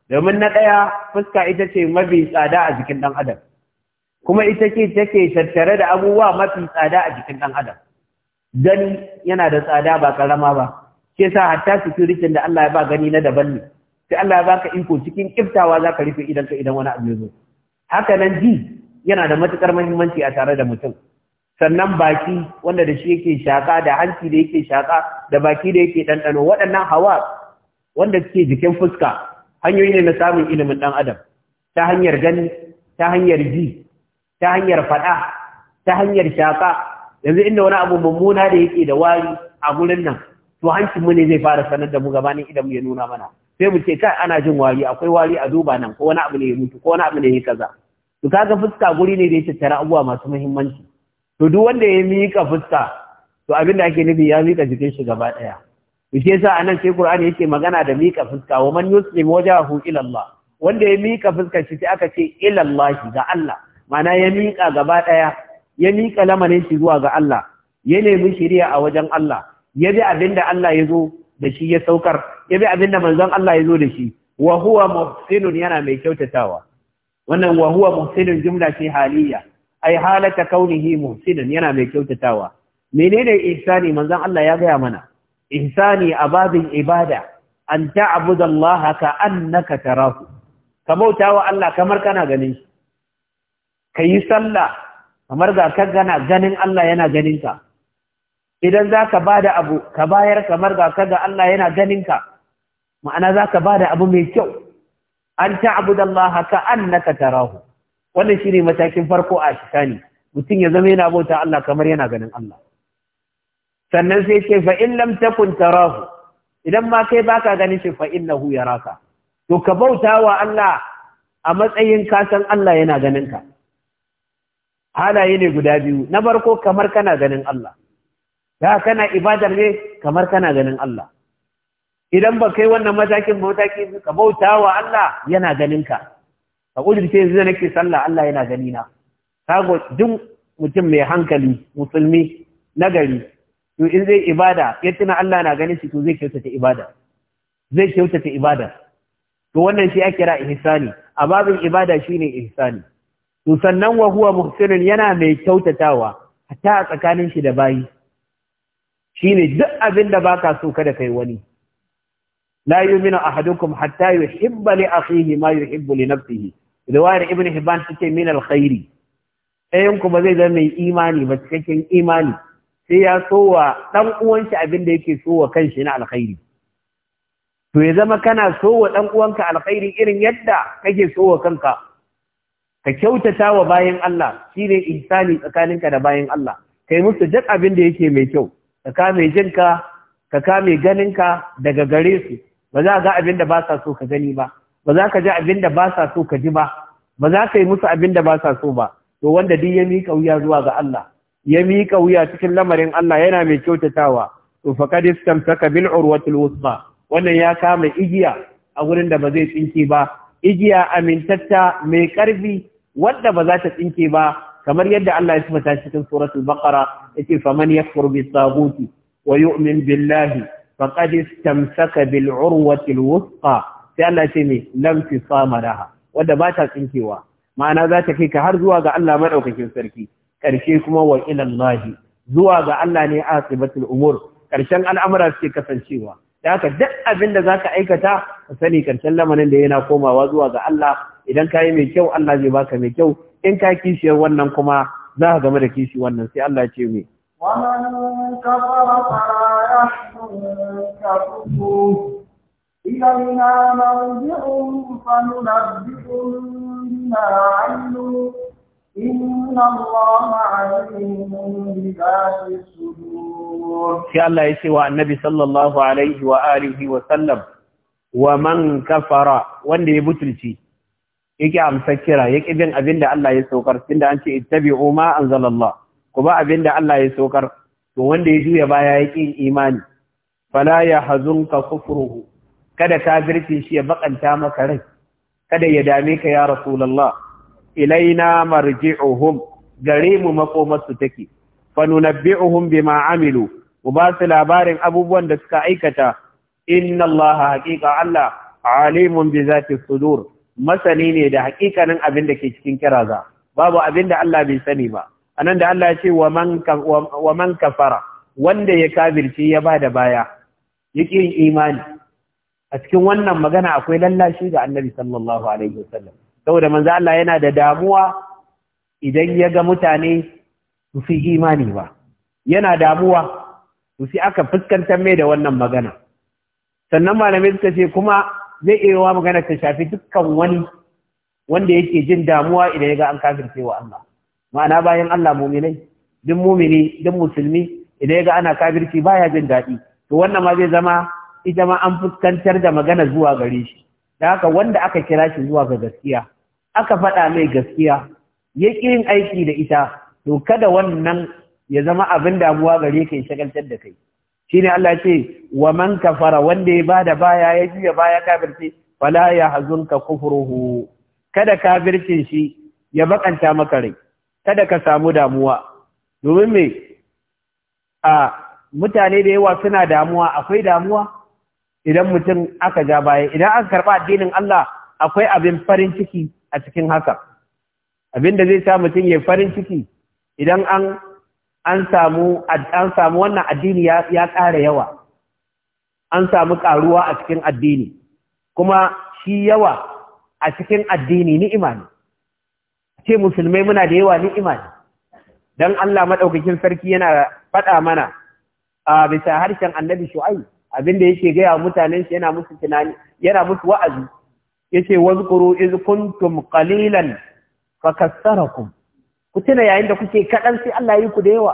domin na daya fuska ita ce mafi tsada a jikin dan adam kuma ita ce take tattare da abubuwa mafi tsada a jikin dan adam gani yana da tsada ba karama ba ke sa hatta security da Allah ya ba gani na daban ne sai Allah ya baka iko cikin kiftawa zaka rufe idan ka idan wani abu ya zo haka nan ji yana da matukar muhimmanci a tare da mutum sannan baki wanda da shi yake shaka da hanci da yake shaka da baki da yake ɗanɗano waɗannan hawa wanda suke jikin fuska hanyoyi ne na samun ilimin ɗan adam ta hanyar gani ta hanyar ji ta hanyar faɗa ta hanyar shaka yanzu inda wani abu mummuna da yake da wari a gurin nan to hancin mu ne zai fara sanar da mu gabanin idan ya nuna mana sai mu ce kai ana jin wari akwai wari a duba nan ko wani abu ne ya mutu ko wani abu ne ya kaza to kaga fuska guri ne da ya tattara uwa masu muhimmanci to duk wanda ya miƙa fuska to abin da ake nufi ya miƙa jikin shi gaba ɗaya to yasa anan sai Qur'ani yake magana da miƙa fuska wa man yuslim wajahu ila Allah wanda ya miƙa fuskar shi sai aka ce ila Allah ga Allah ma'ana ya miƙa gaba ɗaya ya miƙa lamarin shi zuwa ga Allah ya nemi shiriya a wajen Allah ya bi abin da Allah ya zo da shi ya saukar ya bi abin da manzon Allah ya zo da shi wa huwa muhsinun yana mai kyautatawa wannan wa huwa muhsinun jumla ce haliya ai halata kaunihi muhsinun yana mai kyautatawa menene ihsani manzon Allah ya gaya mana ihsani a babin ibada an ta'budallaha ka annaka tarahu ka bautawa Allah kamar kana ganin shi kayi sallah kamar ga ka gana ganin Allah yana ganin ka idan zaka bada abu ka bayar kamar ga ka ga Allah yana ganin ka ma'ana zaka bada abu mai kyau an ta'budallaha ka annaka tarahu wannan shine matakin farko a shikani mutum ya zama yana bauta Allah kamar yana ganin Allah sannan sai ce fa in lam takun tarahu idan ma kai baka ganin shi fa innahu raka. to ka bauta wa Allah a matsayin ka san Allah yana ganin ka halaye ne guda biyu na farko kamar kana ganin Allah da kana ibadar ne kamar kana ganin Allah idan ba kai wannan matakin mataki ka bauta wa Allah yana ganinka. ka ka ƙudurce yanzu nake sallah Allah yana gani na duk mutum mai hankali musulmi nagari to in zai ibada ya tuna Allah na ganin shi to zai kyautata ibada zai kyautata ibada to wannan shi ake kira ihsani a ibada shine ihsani to sannan wa huwa muhsinin yana mai kyautatawa hatta a tsakanin shi da bayi shine duk abin da baka so kada kai wani la yu'minu ahadukum hatta yuhibba li akhihi ma yuhibbu li nafsihi riwayar ibn hibban take min alkhairi ɗayan ba zai zama mai imani ba cikakken imani sai ya sowa wa dan uwan abin da yake so wa kanshi na alkhairi to ya zama kana sowa wa dan uwanka alkhairi irin yadda kake so wa kanka ka kyautata wa bayan Allah shine ihsani tsakaninka da bayan Allah kai musu duk abin da yake mai kyau ka kame jinka ka kame ganinka daga gare su ba za ga abin da ba sa so ka gani ba ba za ka ji abin da ba sa so ka ji ba ba za ka yi musu abin da ba sa so ba to wanda duk ya miƙa wuya zuwa ga Allah ya miƙa wuya cikin lamarin Allah yana mai kyautatawa to faqad istamsaka bil urwatil wuthqa wannan ya kama igiya a gurin da ba zai tsinke ba igiya amintatta mai karfi wanda ba za ta tsinke ba kamar yadda Allah ya sifata cikin suratul baqara yake faman yakfur bis taguti wa yu'min billahi faqad istamsaka bil urwati al sai Allah ce me lam tisama laha wanda ba ta tsinkewa ma'ana za ta kai ka har zuwa ga Allah madaukakin sarki karshe kuma wa zuwa ga Allah ne asibitin umur karshen al'amura suke kasancewa da haka duk abin da zaka aikata ka sani karshen lamanin da yana komawa zuwa ga Allah idan kayi mai kyau Allah zai baka mai kyau in ka kishiyar wannan kuma za ka game da kishi wannan sai Allah ya ce ومن كفر فلا يحزنك Allah ya ce wa annabi sallallahu Alaihi wa alihi wa sallam wa man kafara wanda ya butulci yake amsa kira yake bin abin da Allah ya saukar inda an ce ittabi'u ma zalallah. kuma abin da Allah ya sokar to wanda ya juya baya ya ƙin imani fala ya hazun ka kufuruhu kada kafircin shi ya baƙanta maka rai kada ya dame ka ya rasulullah ilaina marji'uhum gare mu su take fa nunabbi'uhum bima amilu mu ba su labarin abubuwan da suka aikata inna Allah haƙiƙa Allah alimun bi zati sudur masani ne da haƙiƙanin abin da ke cikin kiraza babu abin da Allah bai sani ba anan da Allah ya ce wa man kafara wanda ya kafirci ya ba da baya yake yin imani a cikin wannan magana akwai lallashi ga Annabi sallallahu alaihi wasallam saboda manzo Allah yana da damuwa idan ya ga mutane su fi imani ba yana damuwa su fi aka fuskantar mai da wannan magana sannan malamai suka ce kuma zai iya wa magana ta shafi dukkan wani wanda yake jin damuwa idan ya ga an kafirce wa Allah ma'ana bayan Allah muminai duk mumini duk musulmi idan ga ana kafirci baya jin daɗi to wannan ma zai zama ita ma an fuskantar da magana zuwa gare shi da haka wanda aka kira shi zuwa ga gaskiya aka faɗa mai gaskiya ya yin aiki da ita to kada wannan ya zama abin damuwa gare ka ya shagaltar da kai shine Allah ce wa man kafara wanda ya bada baya ya juya baya kafirci fala ya hazunka kufruhu kada kafircin shi ya bakanta maka rai kada ka samu damuwa domin me a mutane da yawa suna damuwa akwai damuwa idan mutum aka ja baya idan aka karba addinin Allah akwai abin farin ciki a cikin haka abin da zai sa mutum ya farin ciki idan an an samu an samu wannan addini ya ya ƙara yawa an samu ƙaruwa a cikin addini kuma shi yawa a cikin addini ni'ima ne ce musulmai muna da yawa ni'ima ne dan Allah madaukakin sarki yana faɗa mana a bisa harshen annabi shu'aib abinda yake gaya mutanen shi yana musu tunani yana musu wa'azi yace wazkuru iz kuntum qalilan fakassarakum ku tuna yayin da kuke kadan sai Allah yi ku da yawa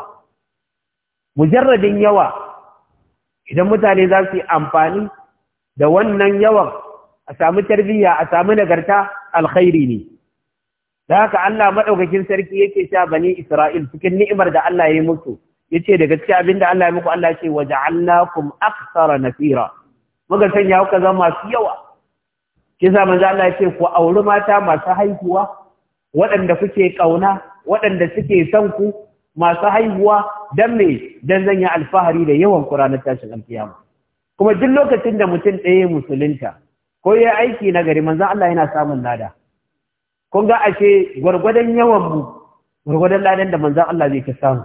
mujarradin yawa idan mutane za su yi amfani da wannan yawan a samu tarbiyya a samu nagarta alkhairi ne da haka Allah maɗaukakin sarki yake sha bani Isra'il cikin ni'imar da Allah ya yi musu yace daga cikin abin da Allah ya muku Allah ce ja'alnakum aktsara nasira muka sanya ku zama masu yawa kisa manzo Allah ya ce ku auri mata masu haihuwa waɗanda kuke kauna waɗanda suke son ku masu haihuwa dan me dan zanya alfahari da yawan ku ranar tashin alkiyama kuma duk lokacin da mutum ɗaya musulunta ko ya aiki na gari manzo Allah yana samun lada kun ga ashe gwargwadon yawan mu gwargwadon ladan da manzan Allah zai ta samu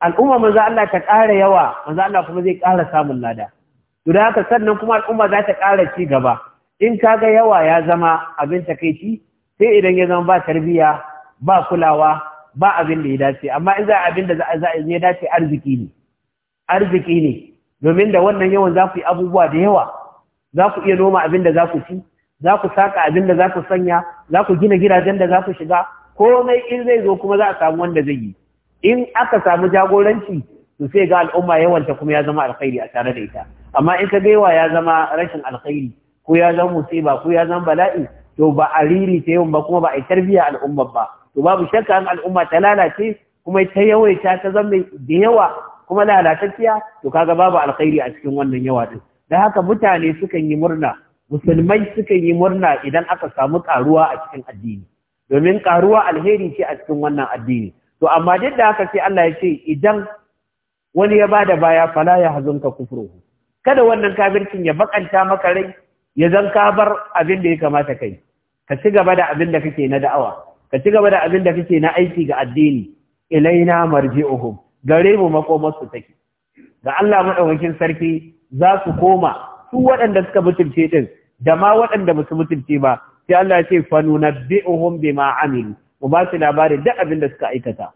al'umma manzan Allah ta ƙara yawa manzan Allah kuma zai ƙara samun lada to da haka sannan kuma al'umma za ta ƙara ci gaba in ga yawa ya zama abin takaici sai idan ya zama ba tarbiyya ba kulawa ba abin da ya dace amma in za abin da za a ya dace arziki ne arziki ne domin da wannan yawan za ku yi abubuwa da yawa za ku iya noma abin da za ku ci za ku saka abin da za ku sanya za ku gina gidajen da za ku shiga komai in zai zo kuma za a samu wanda zai yi in aka samu jagoranci to sai ga al'umma yawanta kuma ya zama alkhairi a tare da ita amma in ka gaiwa ya zama rashin alkhairi ko ya zama musiba ko ya zama bala'i to ba a riri ta yawan ba kuma ba a tarbiya al'ummar ba to babu shakka an al'umma ta lalace kuma ta yawaita ta zama da yawa kuma lalatacciya to kaga babu alkhairi a cikin wannan yawa din da haka mutane sukan yi murna musulmai suka yi murna idan aka samu karuwa a cikin addini domin karuwa alheri ce a cikin wannan addini to amma duk da haka sai Allah ya ce idan wani ya bada baya fala ya hazunka kufruhu kada wannan kafircin ya bakanta maka rai ya zan ka bar abin da ya kamata kai ka ci gaba da abin da kake na da'awa ka ci gaba da abin da kake na aiki ga addini ilaina marji'uhum gare mu makomarsu take ga Allah madaukakin sarki za su koma su waɗanda suka mutunce din da ma waɗanda ba su mutunce ba sai Allah ya ce fanuna bi'uhum bima amilu mu ba su labarin duk abin da suka aikata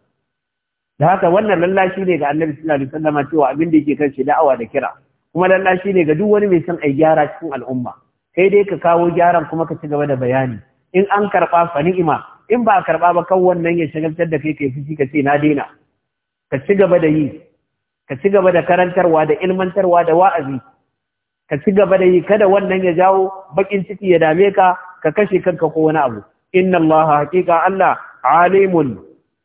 da haka wannan lallashi ne ga Annabi sallallahu alaihi wasallam cewa abin da yake kan shi da'awa da kira kuma lallashi ne ga duk wani mai son ai gyara cikin al'umma kai dai ka kawo gyaran kuma ka ci gaba da bayani in an karɓa fa ni'ima in ba a karɓa ba kan wannan ya shagaltar da kai kai fushi ka ce na daina ka ci gaba da yi ka ci gaba da karantarwa da ilmantarwa da wa'azi ka ci gaba da yi kada wannan ya jawo bakin ciki ya dame ka ka kashe kanka ko wani abu inna allaha haqiqa allah alimun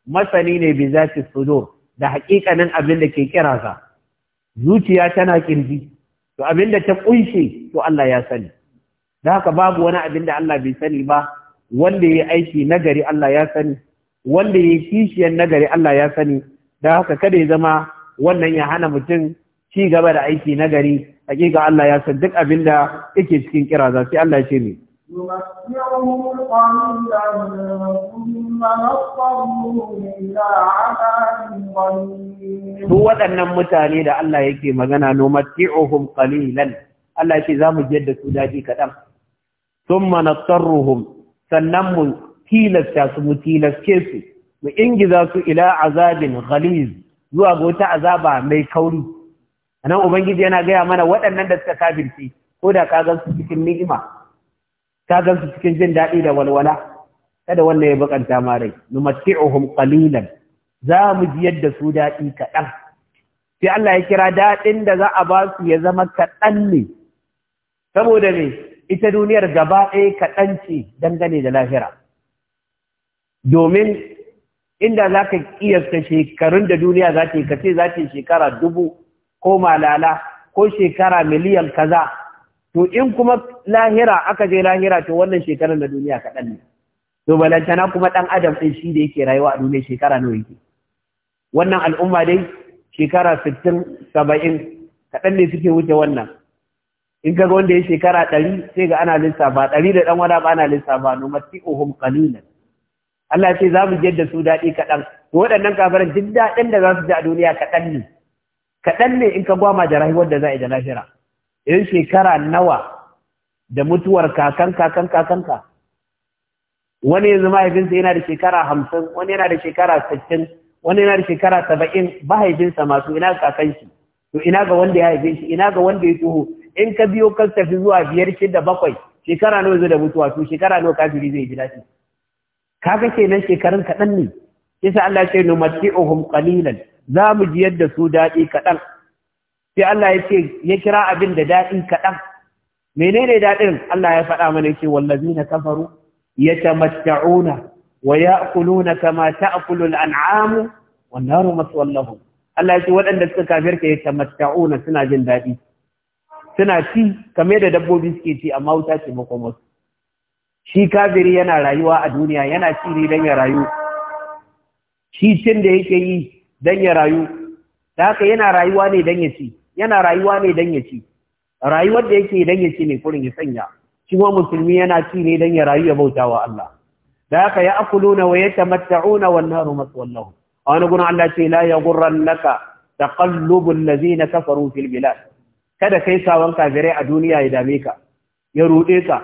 masani ne bi zati sudur da haqiqanin abin da ke kira sa zuciya tana kirji to abin da ta kunshe to Allah ya sani da haka babu wani abin da Allah bai sani ba wanda ya aiki nagari Allah ya sani wanda ya kishiyar nagari Allah ya sani da haka kada ya zama wannan ya hana mutum ci gaba da aiki nagari hakika Allah ya san duk abin da yake cikin kiraza sai Allah ce ne Su waɗannan mutane da Allah yake magana numatti'uhum qalilan Allah ce za mu jiyar da su daji kaɗan. Thumma nasarruhum sannan mu tilasta su mu tilaske su mu ingiza su ila azabin ghaliz zuwa ga wata azaba mai kauri anan ubangiji yana gaya mana waɗannan da suka kafirci ko da ka gansu cikin ni'ima ka gansu cikin jin daɗi da walwala kada wannan ya bakanta ma rai numatti'uhum qalilan za mu ji yadda su daɗi kaɗan sai Allah ya kira daɗin da za a ba su ya zama kaɗan ne saboda me ita duniyar gaba ɗaya kaɗan ce dangane da lahira domin inda za ka ƙiyasta shekarun da duniya za ta yi ka ce za ta yi shekara dubu ko malala ko shekara miliyan kaza to in kuma lahira aka je lahira to wannan shekarar da duniya kaɗan ne to balantana kuma ɗan adam ɗin shi da yake rayuwa a duniya shekara nawa yake wannan al'umma dai shekara sittin saba'in kaɗan ne suke wuce wannan in ka ga wanda ya shekara ɗari sai ga ana lissafa ɗari da ɗan wani ba ana lissafa no masi'uhum qalilan Allah ce za mu jiyar da su daɗi kaɗan to waɗannan kafaran duk daɗin da za su ji a duniya kaɗan ne kaɗan ne in ka gwama da rayuwar da za a yi da lahira in shekara nawa da mutuwar kakan kakan kakanka wani yanzu mahaifinsa yana da shekara hamsin wani yana da shekara sittin wani yana da shekara saba'in mahaifinsa masu ina kakan shi to ina ga wanda ya haife shi ina ga wanda ya tuho in ka biyo kan tafi zuwa biyar shida bakwai shekara nawa zai da mutuwa to shekara nawa kafiri zai ji ka kaga kenan shekarun kaɗan ne yasa Allah ya ce numatti'uhum qalilan za mu ji yadda su daɗi kaɗan sai Allah ya ce ya kira abin da daɗi kaɗan menene daɗin Allah ya faɗa mana ce na kafaru yatamatta'una wa na kama ta'kulu al'amu Wannan naru Allah ya ce waɗanda suka kafirka yatamatta'una suna jin daɗi suna ci kamar da dabbobi suke ci amma wuta ce makomar shi kafiri yana rayuwa a duniya yana ci ne don ya rayu shi cin da yake yi dan ya rayu da haka yana rayuwa ne dan ya ci yana rayuwa ne dan ya ci rayuwar da yake dan ya ci ne kurin ya sanya shi kuma musulmi yana ci ne dan ya rayu ya bauta wa Allah da haka ya akuluna wa yatamatta'una wan naru maswan lahum a wani gurin Allah ce la yaghurrannaka taqallubul na kafaru fil bilad kada kai sawan kafirai a duniya ya dame ka ya rude ka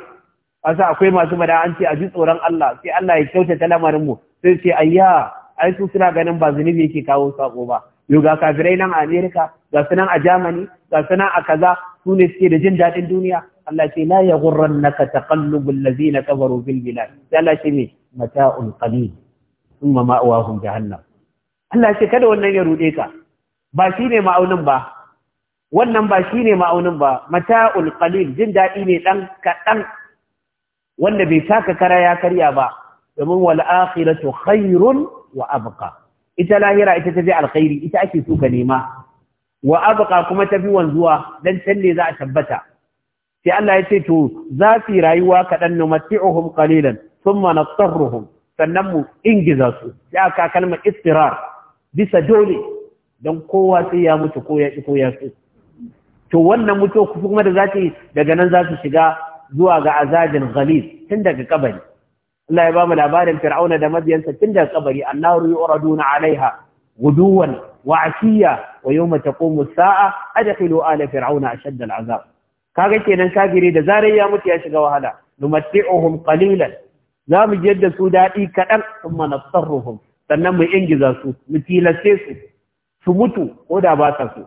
asa akwai masu bada'anci an a ji tsoron Allah sai Allah ya kyautata lamarin mu sai ce ayya ai su suna ganin ba zunubi yake kawo sako ba yau ga kafirai nan a Amerika ga su nan a Germany ga su nan a kaza su ne suke da jin daɗin duniya Allah ce la ya yaghurrannaka taqallubul ladzina kafaru bil bilad Allah ce ne mata'un qalil thumma ma'wahum jahannam Allah ce kada wannan ya rude ka ba shine ma'aunin ba wannan ba shine ma'aunin ba mata'ul qalil jin daɗi ne ɗan kaɗan wanda bai taka kara ya karya ba domin wal akhiratu khairun wa abqa ita lahira ita tafi alkhairi ita ake so ka nema wa kuma tafi wanzuwa dan can za a tabbata sai Allah ya ce to za rayuwa kaɗan numati'uhum qalilan thumma naqtaruhum sannan mu ingiza su sai aka kalmar istirar bisa dole don kowa sai ya mutu ko ya ko ya so to wannan mutuwa kuma da za daga nan za su shiga zuwa ga azajin ghalib tun daga ƙabari Allah ya bamu labarin Fir'auna da mabiyansa tun da kabari annaru yuraduna alaiha guduwan wa asiya wa yawma taqumu saa adkhilu ala fir'auna ashadda al-azab kaga kenan kafiri da zarar ya mutu ya shiga wahala numatti'uhum qalilan za mu jiyar da su daɗi kaɗan thumma nasarruhum sannan mu ingiza su mu tilace su su mutu ko da ba su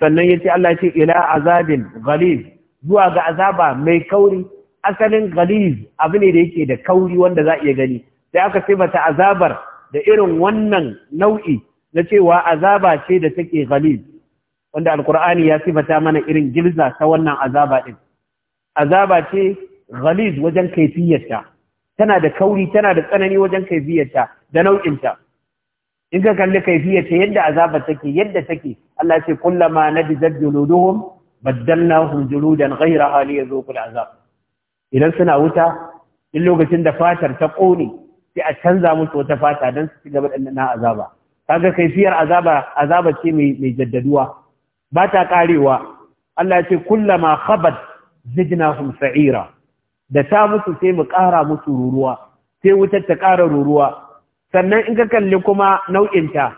sannan yace Allah ya ce ila azabin ghalib zuwa ga azaba mai kauri asalin galiz abu ne da yake da kauri wanda za a iya gani sai aka sifata azabar da irin wannan nau'i na cewa azaba ce da take galiz wanda alkur'ani ya sifata mana irin gilza ta wannan azaba din azaba ce galiz wajen kaifiyarta tana da kauri tana da tsanani wajen kaifiyarta da nau'inta in ka kalli kaifiyarta yadda azaba take yadda take Allah ya ce kullama nadizat juluduhum baddalnahum juludan ghayra hali yazuqul azab idan suna wuta in lokacin da fatar ta ƙone sai a canza musu wata fata don su ci gaba da na azaba kaga kaifiyar azaba azaba ce mai mai jaddaduwa ba ta karewa Allah ya ce kullama khabat zidnahum sa'ira da ta musu sai mu ƙara musu ruruwa sai wutar ta ƙara ruruwa sannan in ka kalli kuma nau'inta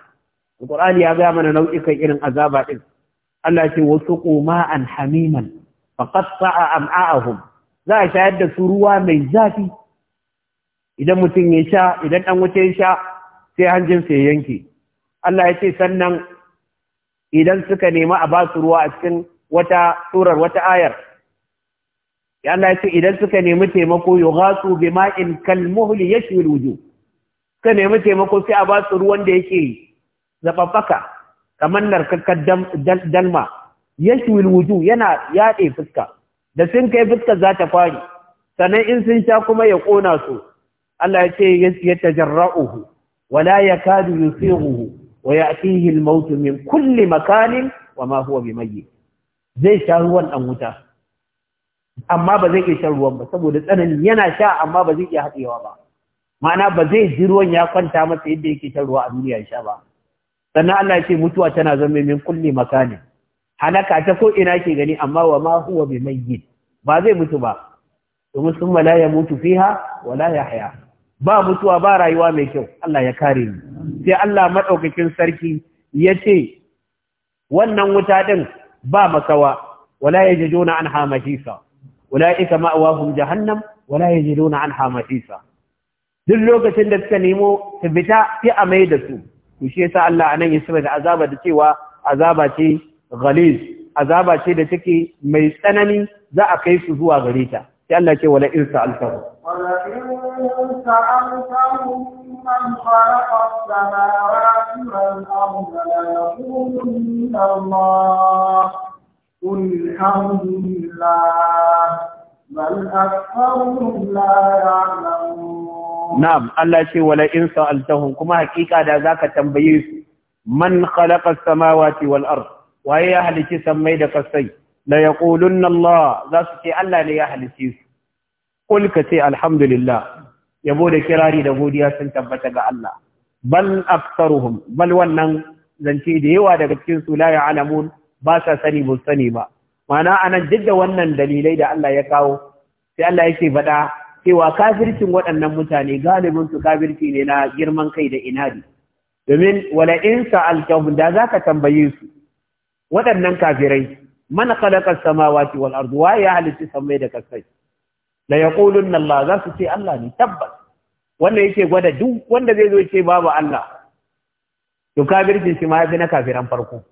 Al-Qur'ani ya ga mana nau'ikan irin azaba din Allah ya ce wasuqu ma'an hamiman faqatta'a am'a'ahum za a shayar da su ruwa mai zafi idan mutum ya sha idan ɗan wuce ya sha sai hanjinsa ya yanke Allah ya ce sannan idan suka nema a ba su ruwa a cikin wata surar wata ayar ya Allah ya ce idan suka nemi taimako yughasu bima'in kalmuhli yashwi alwuju. suka nemi taimako sai a ba su ruwan da yake zafafaka kamar narkakkar dalma yashwi alwuju yana yaɗe fuska da sun kai fuskar za ta kwari sannan in sun sha kuma ya kona su Allah ya ce ya tajarra'uhu wala yakadu yusighuhu wa ya'tihi al-maut min kulli makanin wa ma huwa bimayyit zai sha ruwan dan wuta amma ba zai iya shan ruwan ba saboda tsananin yana sha amma ba zai iya haɗewa ba ma'ana ba zai ji ruwan ya kwanta masa yadda yake shan ruwa a duniya ya sha ba sannan Allah ya ce mutuwa tana zama min kulle makanin halaka ta ko ina ke gani amma wa ma huwa bi mayyit ba zai mutu ba domin summa la ya mutu fiha wala ya haya ba mutuwa ba rayuwa mai kyau Allah ya kare ni sai Allah madaukakin sarki ya ce wannan wuta din ba makawa wala yajiduna anha mahisa ulaika ma'awahum jahannam wala yajiduna anha mahisa duk lokacin da suka nemo su fita sai a mai da su to shi yasa Allah anan ya saba azaba da cewa azaba ce ghaliz azaba ce da take mai tsanani za a kai su zuwa gare ta sai Allah ce wala in sa'alta wala in sa'alta man khalaqa samawati wal ardha la Na’am, Allah ce wala in sa’altahun kuma haƙiƙa da za ka tambaye su, man khalaqa samawati wal ardh waye ya halici sammai da kasai la yaqulunna Allah za su ce Allah ne ya halice su kul ka ce alhamdulillah yabo da kirari da godiya sun tabbata ga Allah bal aktsaruhum bal wannan zance da yawa daga cikin su la ya'lamun ba sa sani ba sani ba Mana anan duk da wannan dalilai da Allah ya kawo sai Allah yake faɗa cewa kafircin waɗannan mutane galibin su kafirci ne na girman kai da inadi domin wala in sa'altahum da ka tambaye su waɗannan kafirai man khalaqa samawati wal ardi wa ya halitta samai da kasai la yaqulunna Allah za su ce Allah ne tabbas wanda yake gwada duk wanda zai zo ce babu Allah to kafircin shi ma yafi na kafiran farko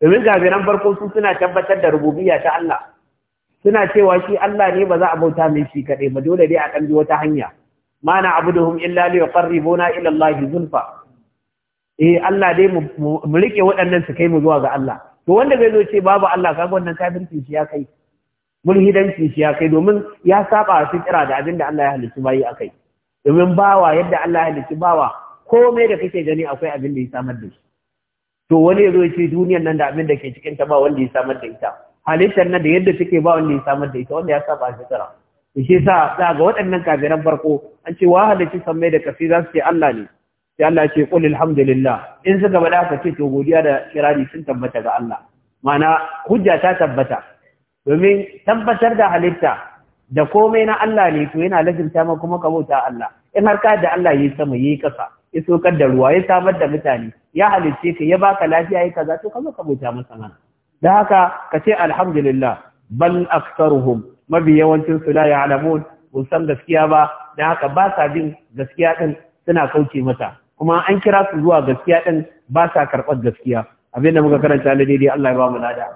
domin kafiran farko su suna tabbatar da rububiyya ta Allah suna cewa shi Allah ne ba za a bauta mai shi kaɗai ba dole dai a ɗan bi wata hanya ma na abuduhum illa li yuqarribuna ila Allah zulfa eh Allah dai mu rike waɗannan su kai mu zuwa ga Allah to wanda zai zo ce babu Allah ga wannan kafirci shi ya kai mulhidanci shi ya kai domin ya saba su kira da abin da Allah ya halicci bayi akai domin bawa yadda Allah ya halicci bawa komai da kake gani akwai abin da ya samar da shi to wani ya zo ya ce duniyar nan da abin da ke cikin ta ba wanda ya samar da ita halittar nan da yadda take ba wanda ya samar da ita wanda ya saba su kira to shi yasa za ga waɗannan kafiran farko an ce wa halicci sammai da kafi za su ce Allah ne sai Allah ce qul alhamdulillah in suka bada ka ce to godiya da kirari sun tabbata ga Allah mana hujja ta tabbata domin tabbatar da halitta da komai na Allah ne to yana lazimta ma kuma ka bauta Allah in har ka da Allah yi sama yi kasa ya sokar da ruwa ya samar da mutane ya halicce ka ya baka lafiya ya kaza to ka ka masa mana da haka ka ce alhamdulillah bal aktsaruhum mabi yawancin su la ya'lamun san gaskiya ba da haka ba sa bin gaskiya din suna kauce mata kuma an kira su zuwa gaskiya din ba sa karɓar gaskiya abinda muka karanta na daidai Allah ya ba mu lada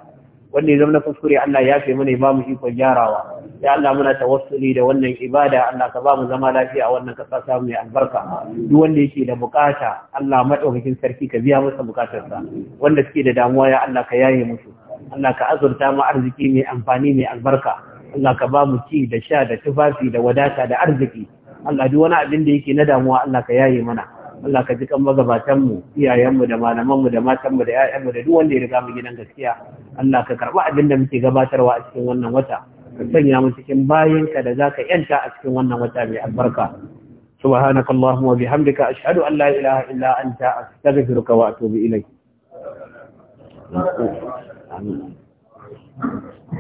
wanda ya zama kuskure Allah ya fi mana ya ba mu ikon gyarawa ya Allah muna ta tawassuli da wannan ibada Allah ka ba mu zama lafiya a wannan kasa samu mai albarka duk wanda yake da bukata Allah madaukakin sarki ka biya masa bukatarsa wanda suke da damuwa ya Allah ka yaye musu Allah ka azurta mu arziki mai amfani mai albarka Allah ka ba mu ci da sha da tufafi da wadata da arziki Allah duk wani abin da yake na damuwa Allah ka yaye mana Allah ka ji kan magabatan mu iyayen da malaman da matan mu da ƴaƴan mu da duk wanda ya riga mu gidan gaskiya Allah ka karba abin da muke gabatarwa a cikin wannan wata ka sanya mu cikin bayinka da zaka yanta a cikin wannan wata mai albarka سبحانك اللهم وبحمدك أشهد أن لا إله إلا أنت أستغفرك وأتوب إليك